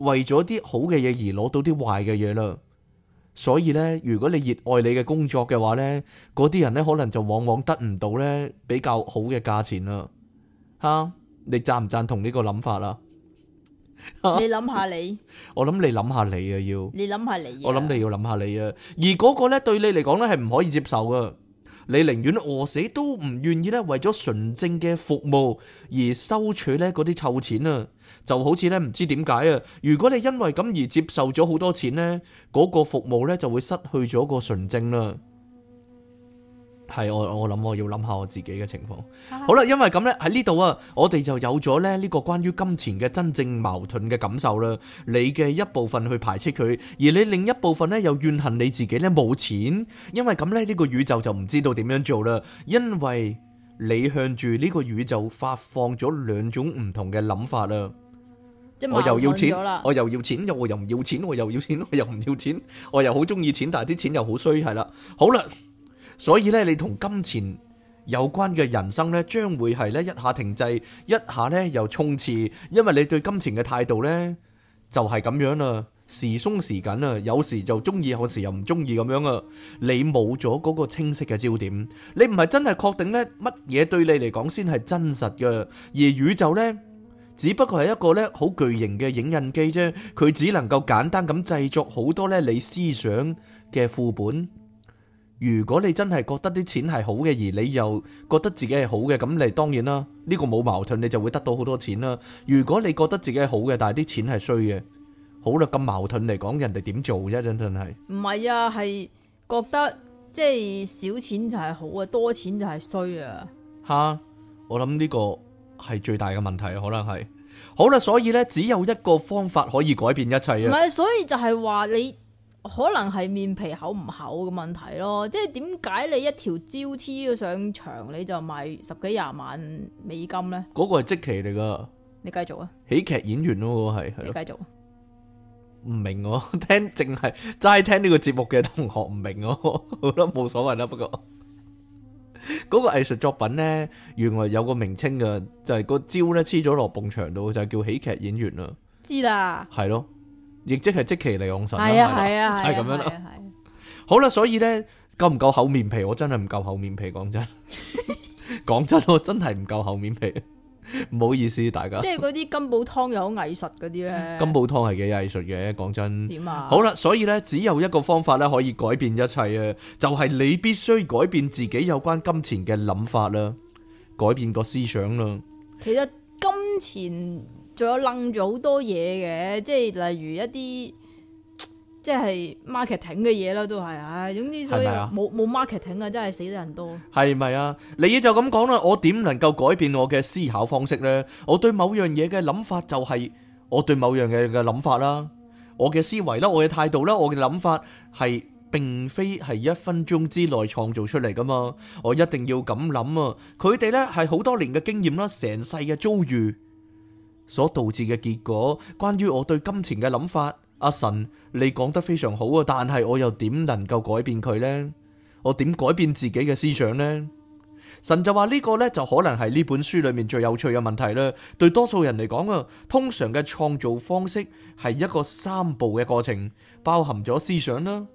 為咗啲好嘅嘢而攞到啲壞嘅嘢啦，所以咧，如果你熱愛你嘅工作嘅話咧，嗰啲人咧可能就往往得唔到咧比較好嘅價錢啦。吓，你贊唔贊同呢個諗法啊？你諗下你，我諗你諗下你啊要。你諗下你，我諗你要諗下你啊。而嗰個咧對你嚟講咧係唔可以接受噶。你寧願餓死都唔願意咧，為咗純正嘅服務而收取咧嗰啲臭錢啊！就好似咧唔知點解啊！如果你因為咁而接受咗好多錢咧，嗰個服務咧就會失去咗個純正啦。係我我諗我要諗下我自己嘅情況。啊，好啦，因為咁呢，喺呢度啊，我哋就有咗咧呢個關於金錢嘅真正矛盾嘅感受啦。你嘅一部分去排斥佢，而你另一部分呢，又怨恨你自己咧冇錢。因為咁呢，呢，呢個宇宙就唔知道點樣做啦，因為你向住呢個宇宙發放咗兩種唔同嘅諗法啦。我又要錢，我又要錢，又我又唔要錢，我又要錢，我又唔要錢，我又好中意錢，但係啲錢又好衰，係啦，好啦。所以咧，你同金錢有關嘅人生咧，將會係咧一下停滯，一下咧又衝刺，因為你對金錢嘅態度咧就係咁樣啦，時鬆時緊啊，有時就中意，有時又唔中意咁樣啊。你冇咗嗰個清晰嘅焦點，你唔係真係確定咧乜嘢對你嚟講先係真實嘅，而宇宙咧只不過係一個咧好巨型嘅影印機啫，佢只能夠簡單咁製作好多咧你思想嘅副本。如果你真係覺得啲錢係好嘅，而你又覺得自己係好嘅，咁你當然啦，呢個冇矛盾，你就會得到好多錢啦。如果你覺得自己係好嘅，但係啲錢係衰嘅，好啦，咁矛盾嚟講，人哋點做啫？真真係唔係啊，係覺得即係少錢就係好啊，多錢就係衰啊。吓，我諗呢個係最大嘅問題，可能係好啦。所以呢，只有一個方法可以改變一切啊。唔係，所以就係話你。可能係面皮厚唔厚嘅問題咯，即係點解你一條蕉黐咗上牆，你就賣十幾廿萬美金呢？嗰個係即期嚟噶，你繼續啊！喜劇演員咯，係你繼續。唔明我、啊、聽淨係齋聽呢個節目嘅同學唔明我、啊，我覺得冇所謂啦。不過嗰 個藝術作品呢，原來有個名稱嘅，就係、是、個蕉咧黐咗落埲牆度，就是、叫喜劇演員啊。知啦，係咯。亦即係即其嚟往神啊，係啊，就係咁樣啦。好啦，所以咧，夠唔夠厚面皮？我真係唔夠厚面皮，講真，講真，我真係唔夠厚面皮，唔好意思，大家。即係嗰啲金寶湯又好藝術嗰啲咧。金寶湯係幾藝術嘅，講真。點啊？好啦，所以咧，只有一個方法咧，可以改變一切啊，就係你必須改變自己有關金錢嘅諗法啦，改變個思想啦。其實金錢。仲有愣咗好多嘢嘅，即係例如一啲即係 marketing 嘅嘢啦，都係啊。總之所以冇冇 marketing 啊，marketing 真係死得人多。係咪啊？你就咁講啦，我點能夠改變我嘅思考方式呢？我對某樣嘢嘅諗法就係我對某樣嘢嘅諗法啦，我嘅思維啦，我嘅態度啦，我嘅諗法係並非係一分鐘之內創造出嚟噶嘛，我一定要咁諗啊！佢哋呢係好多年嘅經驗啦，成世嘅遭遇，所導致嘅結果，關於我對金錢嘅諗法，阿神你講得非常好啊，但係我又點能夠改變佢呢？我點改變自己嘅思想呢？神就話呢個呢，就可能係呢本書裏面最有趣嘅問題啦。對多數人嚟講啊，通常嘅創造方式係一個三步嘅過程，包含咗思想啦、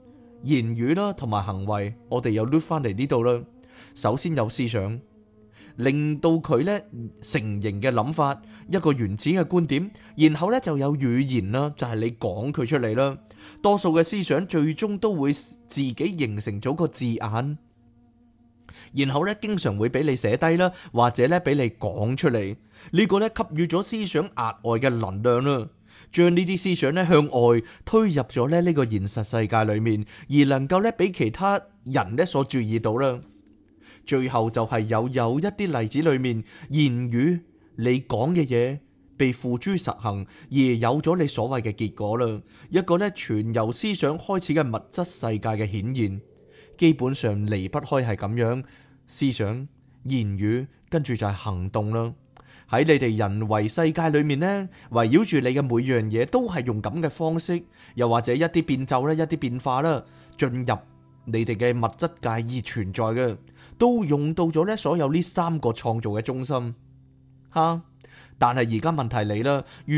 言語啦同埋行為。我哋又搦翻嚟呢度啦，首先有思想。令到佢咧，成形嘅諗法，一個原始嘅觀點，然後咧就有語言啦，就係、是、你講佢出嚟啦。多數嘅思想最終都會自己形成咗個字眼，然後咧經常會俾你寫低啦，或者咧俾你講出嚟。呢、這個咧給予咗思想額外嘅能量啦，將呢啲思想咧向外推入咗咧呢個現實世界裏面，而能夠咧俾其他人咧所注意到啦。最後就係有有一啲例子裏面，言語你講嘅嘢，被付諸實行，而有咗你所謂嘅結果啦。一個呢，全由思想開始嘅物質世界嘅顯現，基本上離不開係咁樣，思想、言語，跟住就係行動啦。喺你哋人為世界裏面呢，圍繞住你嘅每樣嘢都係用咁嘅方式，又或者一啲變奏啦、一啲變化啦，進入。你哋嘅物質界已存在嘅，都用到咗咧，所有呢三個創造嘅中心，吓。但係而家問題嚟啦，如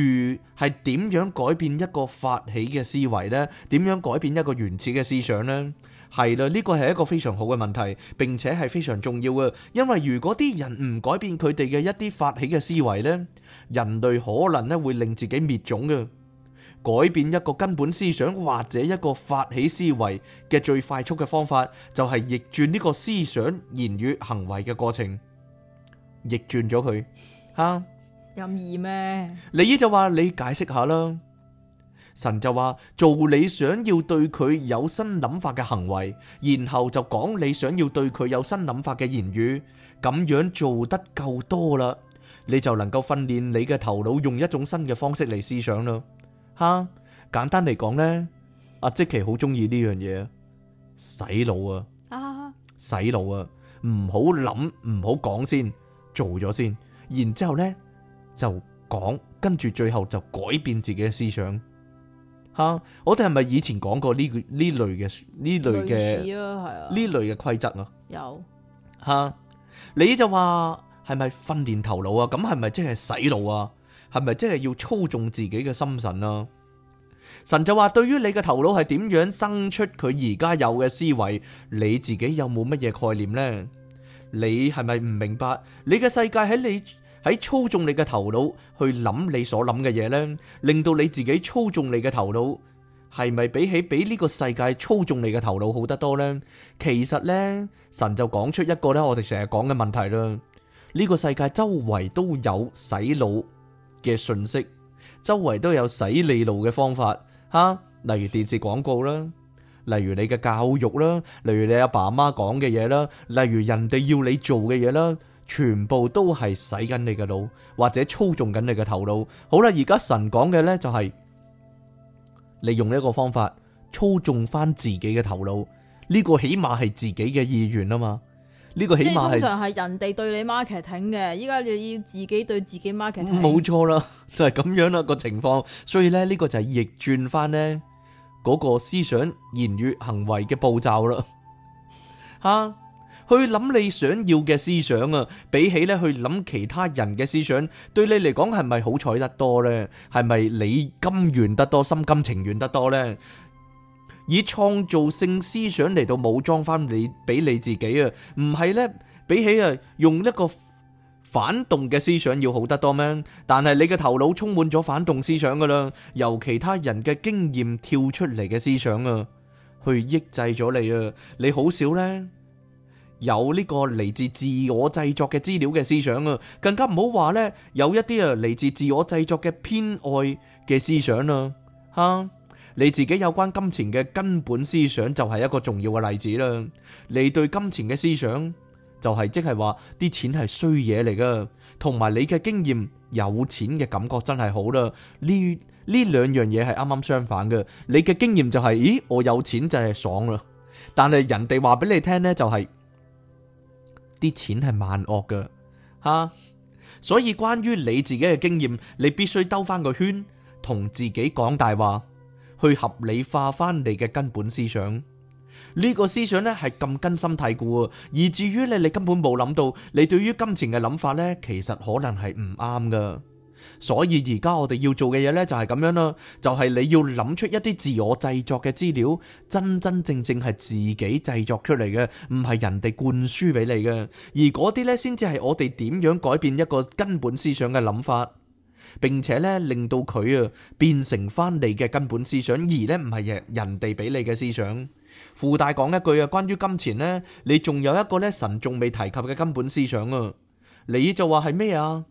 係點樣改變一個發起嘅思維咧？點樣改變一個原始嘅思想咧？係啦，呢個係一個非常好嘅問題，並且係非常重要嘅。因為如果啲人唔改變佢哋嘅一啲發起嘅思維咧，人類可能咧會令自己滅種嘅。改變一個根本思想或者一個發起思維嘅最快速嘅方法，就係逆轉呢個思想、言語、行為嘅過程，逆轉咗佢吓。任意咩？你姨就話你解釋下啦。神就話做你想要對佢有新諗法嘅行為，然後就講你想要對佢有新諗法嘅言語，咁樣做得夠多啦，你就能夠訓練你嘅頭腦用一種新嘅方式嚟思想啦。哈，簡單嚟講呢，阿即奇好中意呢樣嘢，洗腦啊，洗腦啊，唔好諗，唔好講先，做咗先，然之後咧就講，跟住最後就改變自己嘅思想。哈、啊，我哋係咪以前講過呢個呢類嘅呢類嘅呢類嘅規則啊？有，哈、啊，你就話係咪訓練頭腦啊？咁係咪即係洗腦啊？係咪真係要操縱自己嘅心神啊？神就話，對於你嘅頭腦係點樣生出佢而家有嘅思維，你自己有冇乜嘢概念呢？你係咪唔明白？你嘅世界喺你喺操縱你嘅頭腦去諗你所諗嘅嘢呢？令到你自己操縱你嘅頭腦係咪比起俾呢個世界操縱你嘅頭腦好得多呢？其實呢，神就講出一個呢，我哋成日講嘅問題啦。呢個世界周圍都有洗腦。嘅信息，周圍都有洗你腦嘅方法吓，例如電視廣告啦，例如你嘅教育啦，例如你阿爸阿媽講嘅嘢啦，例如人哋要你做嘅嘢啦，全部都係洗緊你嘅腦，或者操縱緊你嘅頭腦。好啦，而家神講嘅呢就係、是、你用呢一個方法操縱翻自己嘅頭腦，呢、呢個起碼係自己嘅意願吖嘛。呢個起碼係，即係通常係人哋對你 marketing 嘅，依家你要自己對自己 marketing。冇錯啦，就係咁樣啦個情況，所以咧呢個就係逆轉翻呢嗰個思想、言語、行為嘅步驟啦。吓，去諗你想要嘅思想啊，比起咧去諗其他人嘅思想，對你嚟講係咪好彩得多呢？係咪你甘願得多，心甘情願得多呢？以創造性思想嚟到武裝翻你，俾你自己啊！唔係呢。比起啊用一個反動嘅思想要好得多咩？但係你嘅頭腦充滿咗反動思想㗎喇，由其他人嘅經驗跳出嚟嘅思想啊，去抑制咗你啊！你好少呢，有呢個嚟自自我製作嘅資料嘅思想啊，更加唔好話呢，有一啲啊嚟自自我製作嘅偏愛嘅思想啊。嚇！你自己有關金錢嘅根本思想就係一個重要嘅例子啦。你對金錢嘅思想就係即係話啲錢係衰嘢嚟噶，同埋你嘅經驗有錢嘅感覺真係好啦。呢，呢兩樣嘢係啱啱相反嘅。你嘅經驗就係咦，我有錢就係爽啦，但係人哋話俾你聽呢，就係啲錢係萬惡噶吓，所以關於你自己嘅經驗，你必須兜翻個圈同自己講大話。去合理化翻你嘅根本思想，呢個思想呢係咁根深蒂固，啊，而至於你，你根本冇諗到，你對於金錢嘅諗法呢，其實可能係唔啱噶。所以而家我哋要做嘅嘢呢，就係咁樣啦，就係你要諗出一啲自我製作嘅資料，真真正正係自己製作出嚟嘅，唔係人哋灌輸俾你嘅，而嗰啲呢，先至係我哋點樣改變一個根本思想嘅諗法。並且咧，令到佢啊，變成翻你嘅根本思想，而咧，唔係人哋俾你嘅思想。附帶講一句啊，關於金錢咧，你仲有一個咧，神仲未提及嘅根本思想啊，你就話係咩啊？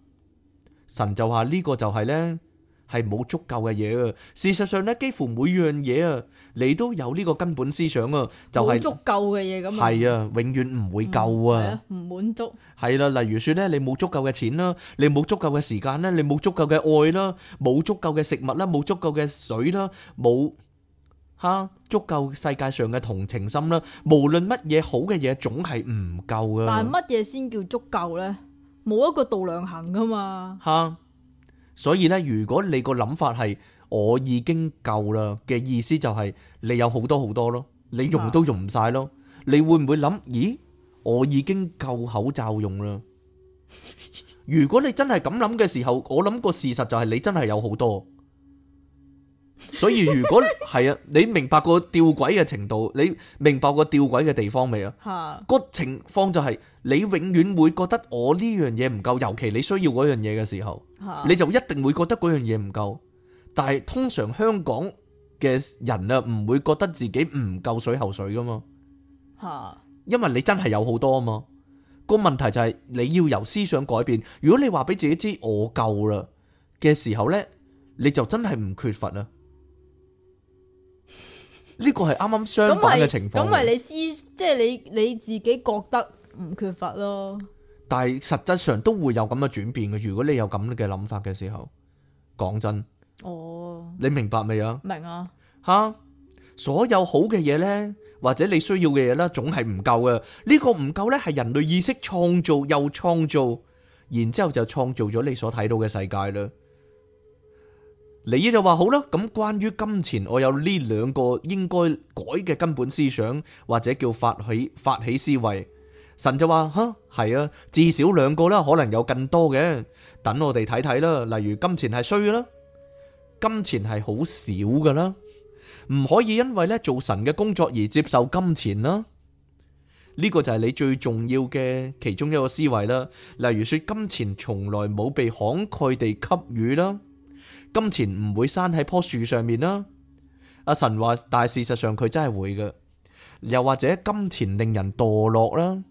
神就話呢個就係、是、咧。係冇足夠嘅嘢啊，事實上呢，幾乎每樣嘢啊，你都有呢個根本思想啊，就係冇足夠嘅嘢咁。係啊，永遠唔會夠啊，唔滿足。係啦，例如說呢，你冇足夠嘅錢啦，你冇足夠嘅時間啦，你冇足夠嘅愛啦，冇足夠嘅食物啦，冇足夠嘅水啦，冇吓足夠世界上嘅同情心啦，無論乜嘢好嘅嘢，總係唔夠噶。但係乜嘢先叫足夠呢？冇一個度量衡噶嘛。吓。所以咧，如果你個諗法係我已經夠啦嘅意思，就是，就係你有好多好多咯，你用都用唔晒咯。啊、你會唔會諗？咦，我已經夠口罩用啦。 如果你真係咁諗嘅時候，我諗個事實就係你真係有好多。 所以如果係啊，你明白個吊詭嘅程度，你明白個吊詭嘅地方未啊？吓 個情況就係，你永遠會覺得我呢樣嘢唔夠，尤其，你需要嗰樣嘢嘅時候， 你就一定會覺得嗰樣嘢唔夠。但係通常香港嘅人啊，唔會覺得自己唔夠水喉水噶嘛吓，因為你真係有好多啊嘛。個問題就係你要由思想改變。如果你話俾自己知我夠啦嘅時候呢，你就真係唔缺乏啦。呢個係啱啱相反嘅情況，咁咪你思即係你你自己覺得唔缺乏咯？但係實質上都會有咁嘅轉變嘅。如果你有咁嘅諗法嘅時候，講真，哦，你明白未啊？明啊吓，所有好嘅嘢呢，或者你需要嘅嘢呢，總係唔夠嘅。呢個唔夠呢，係人類意識創造又創造，然之後就創造咗你所睇到嘅世界啦。你就話好啦，咁關於金錢，我有呢兩個應該改嘅根本思想，或者叫發起發起思維。神就話：吓，係啊，至少兩個啦，可能有更多嘅，等我哋睇睇啦。例如金錢係衰啦，金錢係好少噶啦，唔可以因為咧做神嘅工作而接受金錢啦。呢個就係你最重要嘅其中一個思維啦。例如說，金錢從來冇被慷慨地給予啦。金錢唔會生喺棵樹上面、啊、啦，阿神話，但係事實上佢真係會嘅，又或者金錢令人墮落啦、啊，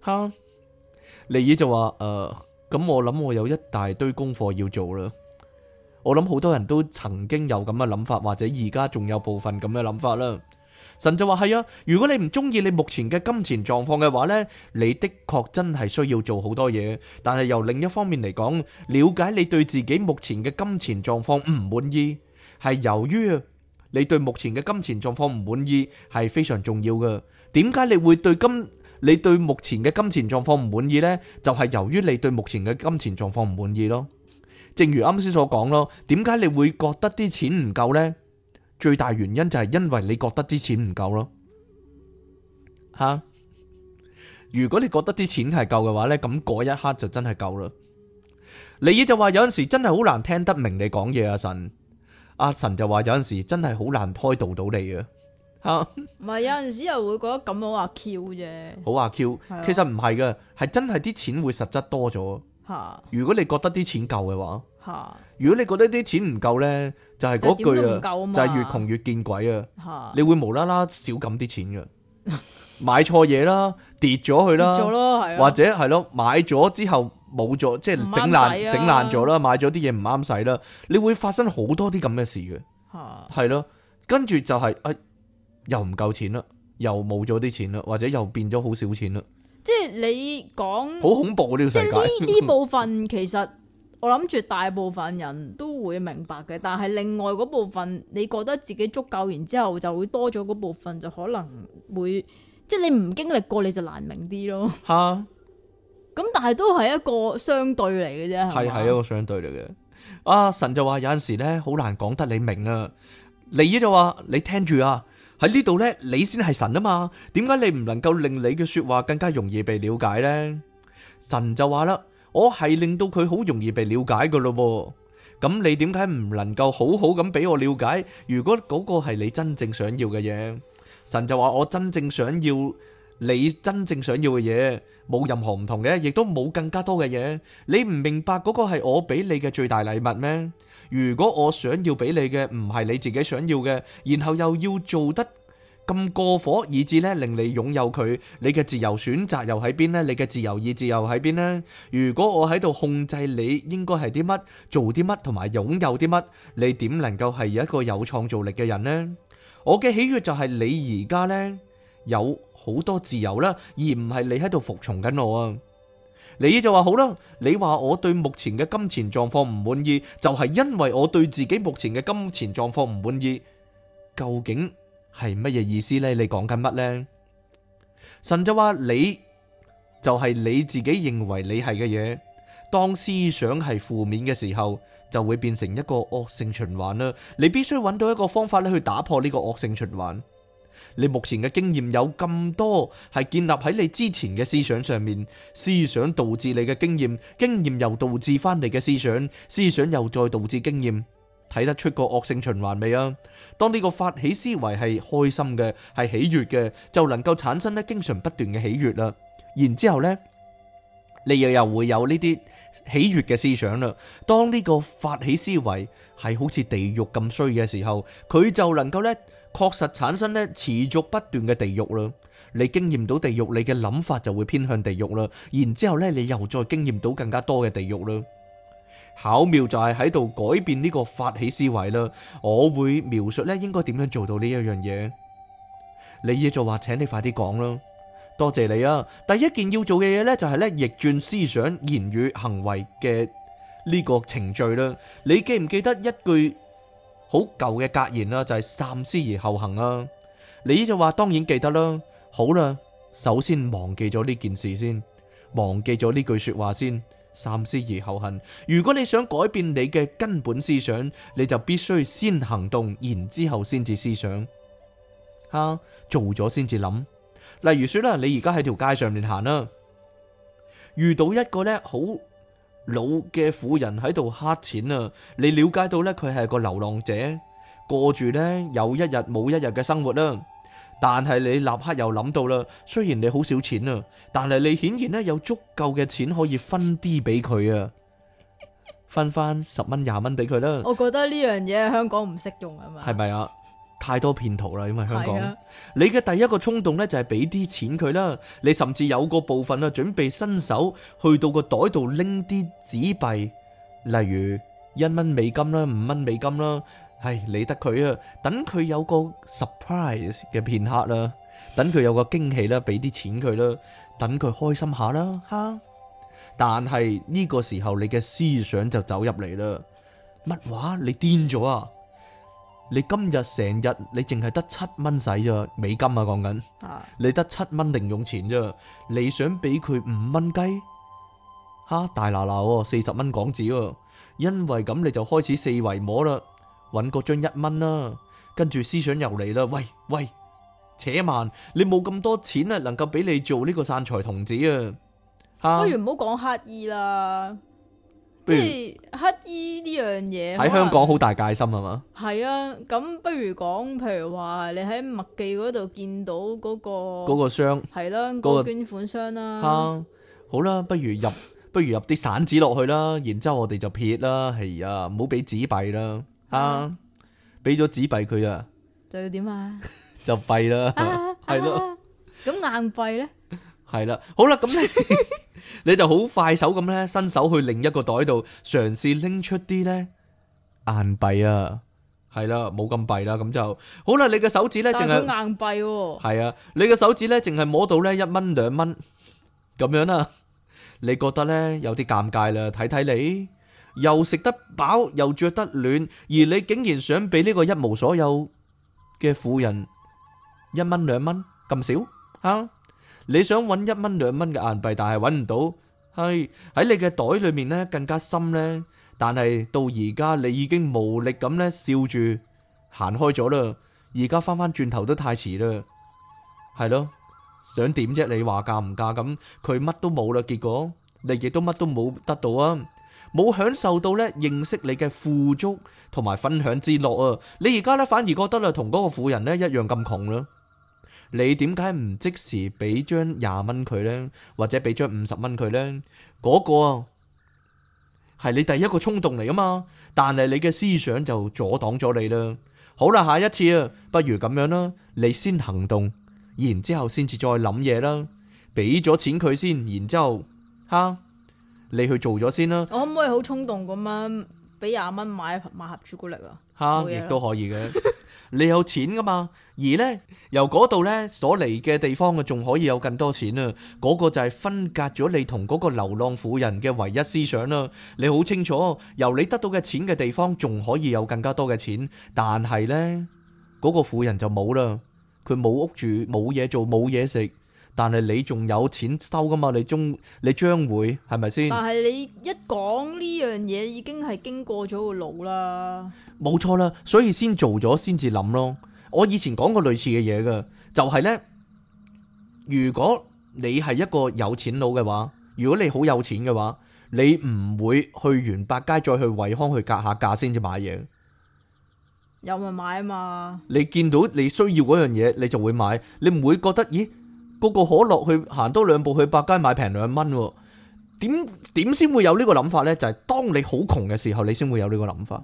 哈，利爾就話，誒、呃，咁我諗我有一大堆功課要做啦，我諗好多人都曾經有咁嘅諗法，或者而家仲有部分咁嘅諗法啦。神就話係啊，如果你唔中意你目前嘅金錢狀況嘅話呢，你的確真係需要做好多嘢。但係由另一方面嚟講，了解你對自己目前嘅金錢狀況唔滿意，係由於你對目前嘅金錢狀況唔滿意係非常重要嘅。點解你會對金你對目前嘅金錢狀況唔滿意呢？就係由於你對目前嘅金錢狀況唔滿意咯。正如啱先所講咯，點解你會覺得啲錢唔夠呢？最大原因就係因為你覺得啲錢唔夠咯，吓。Huh? 如果你覺得啲錢係夠嘅話呢，咁嗰一刻就真係夠啦。李爾就話有陣時真係好難聽得明你講嘢。阿神，阿神就話有陣時真係好難開導到你啊。吓 。唔係有陣時又會覺得咁好阿 Q 啫，好阿 Q，其實唔係嘅，係真係啲錢會實質多咗。吓、啊，如果你覺得啲錢夠嘅話。如果你覺得啲錢唔夠咧，就係、是、嗰句啊，就係越窮越見鬼啊！你會無啦啦少咁啲錢嘅，買錯嘢啦，跌咗去啦，或者係咯買咗之後冇咗，即係整爛整爛咗啦，買咗啲嘢唔啱使啦，你會發生好多啲咁嘅事嘅，係咯、啊，跟住就係誒又唔夠錢啦，又冇咗啲錢啦，或者又變咗好少錢啦，即係你講好恐怖嘅呢個世界，呢啲部分其實。 我諗住大部分人都會明白嘅，但係另外嗰部分，你覺得自己足夠完之後，就會多咗嗰部分，就可能會即係你唔經歷過，你就難明啲咯。吓哈，咁但係都係一個相對嚟嘅啫，係嘛？係係一個相對嚟嘅。啊，神就話有陣時咧，好難講得你明啊。利耶就話，你聽住啊，喺呢度咧，你先係神啊嘛。點解你唔能夠令你嘅說話更加容易被了解呢？神就話啦。我係令到佢好容易被了解噶咯，咁你點解唔能夠好好咁俾我了解？如果嗰個係你真正想要嘅嘢，神就話，我真正想要你真正想要嘅嘢，冇任何唔同嘅，亦都冇更加多嘅嘢。你唔明白嗰個係我俾你嘅最大禮物咩？如果我想要俾你嘅唔係你自己想要嘅，然後又要做得咁過火，以致咧令你擁有佢，你嘅自由選擇又喺邊呢？你嘅自由意志又喺邊呢？如果我喺度控制你，應該係啲乜？做啲乜？同埋擁有啲乜？你點能夠係一個有創造力嘅人呢？我嘅喜悅就係你而家呢，有好多自由啦，而唔係你喺度服從緊我啊！你就話好啦，你話我對目前嘅金錢狀況唔滿意，就係因為我對自己目前嘅金錢狀況唔滿意，究竟？係乜嘢意思呢？你講緊乜呢？神就話你，就係你自己認為你係嘅嘢。當思想係負面嘅時候，就會變成一個惡性循環啦。你必須揾到一個方法咧，去打破呢個惡性循環。你目前嘅經驗有咁多，係建立喺你之前嘅思想上面。思想導致你嘅經驗，經驗又導致翻你嘅思想，思想又再導致經驗。睇得出個惡性循環未啊？當呢個發起思維係開心嘅，係喜悅嘅，就能夠產生咧經常不斷嘅喜悅啦。然之後呢，你又又會有呢啲喜悅嘅思想啦。當呢個發起思維係好似地獄咁衰嘅時候，佢就能夠呢確實產生呢持續不斷嘅地獄啦。你經驗到地獄，你嘅諗法就會偏向地獄啦。然之後呢，你又再經驗到更加多嘅地獄啦。巧妙就係喺度改變呢個發起思維啦，我會描述呢應該點樣做到呢一樣嘢。你呢就話，請你快啲講啦，多謝你啊。第一件要做嘅嘢呢，就係呢逆轉思想、言語、行為嘅呢個程序啦。你記唔記得一句好舊嘅格言啦，就係三思而後行啊？你呢就話當然記得啦。好啦，首先忘記咗呢件事先，忘記咗呢句說話先。三思而後行。如果你想改變你嘅根本思想，你就必須先行動，然之後先至思想。吓、啊，做咗先至諗。例如說啦，你而家喺條街上面行啦，遇到一個咧好老嘅婦人喺度乞錢啊，你了解到咧佢係個流浪者，過住咧有一日冇一日嘅生活啦。但係你立刻又諗到啦，雖然你好少錢啊，但係你顯然咧有足夠嘅錢可以分啲俾佢啊，分返十蚊廿蚊俾佢啦。我覺得呢樣嘢喺香港唔識用啊，係咪？係咪啊？太多騙徒啦，因為香港。啊、你嘅第一個衝動呢，就係俾啲錢佢啦，你甚至有個部分啊準備伸手去到個袋度拎啲紙幣，例如一蚊美金啦，五蚊美金啦。係理得佢啊！等佢有個 surprise 嘅片刻啦，等佢有個驚喜啦，俾啲錢佢啦，等佢開心下啦吓！但係呢個時候你嘅思想就走入嚟啦，乜話你癲咗啊？你今日成日你淨係得七蚊使啫，美金啊講緊，你得七蚊零用錢啫，你想俾佢五蚊雞？吓大喇喇哦，四十蚊港紙哦，因為咁你就開始四圍摸啦。搵嗰張一蚊啦，跟住思想又嚟啦。喂喂，且慢，你冇咁多錢夠啊，能夠俾你做呢個散財童子啊？不如唔好講乞衣啦，如即係乞衣呢樣嘢喺香港好大戒心係嘛？係能啊，咁不如講，譬如話你喺麥記嗰度見到嗰、那個嗰個箱，係啦、啊，嗰、那個、個捐款箱啦、啊。啊，好啦，不如入不如入啲散紙落去啦，然之後我哋就撇啦。係啊，唔好俾紙幣啦。啊！俾咗紙幣佢啊！就要點啊？就弊啦，係咯。咁硬幣咧？係啦，好啦，咁咧，你就好快手咁咧，伸手去另一個袋度嘗試拎出啲咧硬幣啊，係啦，冇咁弊啦，咁就好啦。你嘅手指咧，淨係硬幣係啊，你嘅手指咧，淨係摸到咧一蚊兩蚊咁樣啦。你覺得咧有啲尷尬啦？睇睇你。又食得飽，又着得暖，而你竟然想俾呢個一無所有嘅婦人一蚊兩蚊咁少吓？你想搵一蚊兩蚊嘅硬幣，但係搵唔到，係喺你嘅袋裏面呢更加深呢，但係到而家你已經無力咁呢笑住行開咗啦，而家返返轉頭都太遲啦，係咯，想點啫？你話嫁唔嫁咁？佢乜都冇啦，結果你亦都乜都冇得到啊！冇享受到咧，認識你嘅富足同埋分享之樂啊！你而家咧反而覺得啦，同嗰個富人咧一樣咁窮啦！你點解唔即時俾張廿蚊佢咧？或者俾張五十蚊佢咧？嗰個啊，係你第一個衝動嚟啊嘛！但係你嘅思想就阻擋咗你啦。好啦，下一次啊，不如咁樣啦，你先行動，然之後先至再諗嘢啦。俾咗錢佢先，然之後吓。你去做咗先啦！我可唔可以好衝動咁樣俾廿蚊買買盒朱古力啊？吓，亦都可以嘅。你有錢噶嘛？而咧由嗰度咧所嚟嘅地方啊，仲可以有更多錢啊！嗰個就係分隔咗你同嗰個流浪婦人嘅唯一思想啦。你好清楚，由你得到嘅錢嘅地方仲可以有更加多嘅錢，但係咧嗰個婦人就冇啦。佢冇屋住，冇嘢做，冇嘢食。但係你仲有錢收噶嘛？你終你將會係咪先？但係你一講呢樣嘢，已經係經過咗個腦啦。冇錯啦，所以先做咗先至諗咯。我以前講過類似嘅嘢噶，就係呢，如果你係一個有錢佬嘅話，如果你好有錢嘅話，你唔會去完百佳再去惠康去格下價先至買嘢。有咪買啊嘛？你見到你需要嗰樣嘢，你就會買，你唔會覺得咦？個個可樂去行多兩步去百佳買平兩蚊，點點先會有呢個諗法呢？就係當你好窮嘅時候，你先會有呢個諗法。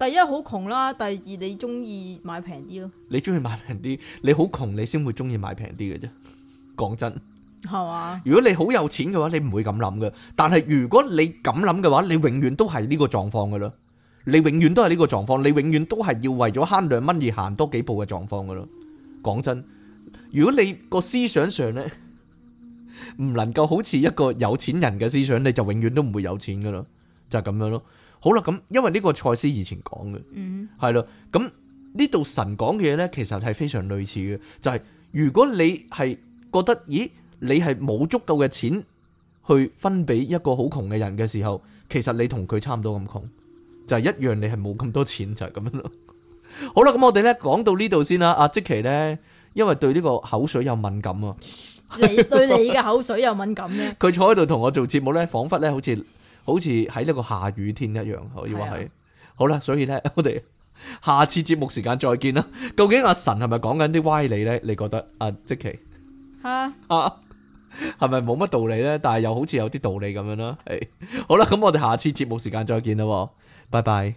第一好窮啦，第二你中意買平啲咯。你中意買平啲，你好窮你先會中意買平啲嘅啫。講真係嘛？如果你好有錢嘅話，你唔會咁諗嘅。但係如果你咁諗嘅話，你永遠都係呢個狀況嘅啦。你永遠都係呢個狀況，你永遠都係要為咗慳兩蚊而行多幾步嘅狀況嘅啦。講真。如果你個思想上咧唔能夠好似一個有錢人嘅思想，你就永遠都唔會有錢噶啦，就係咁樣咯。好啦，咁因為呢個賽斯以前講嘅，嗯，係咯，咁呢度神講嘅嘢咧，其實係非常類似嘅，就係如果你係覺得，咦，你係冇足夠嘅錢去分俾一個好窮嘅人嘅時候，其實你同佢差唔多咁窮，就係一樣，你係冇咁多錢，就係咁樣咯。好啦，咁我哋咧講到呢度先啦，阿即其咧。因為對呢個口水有敏感啊，你對你嘅口水有敏感咩？佢 坐喺度同我做節目咧，仿佛咧好似好似喺呢個下雨天一樣，可以話係。 好啦，所以咧我哋下次節目時間再見啦。究竟阿神係咪講緊啲歪理咧？你覺得阿積奇？吓吓係咪冇乜道理咧？但係又好似有啲道理咁樣啦。係好啦，咁我哋下次節目時間再見啦。拜拜。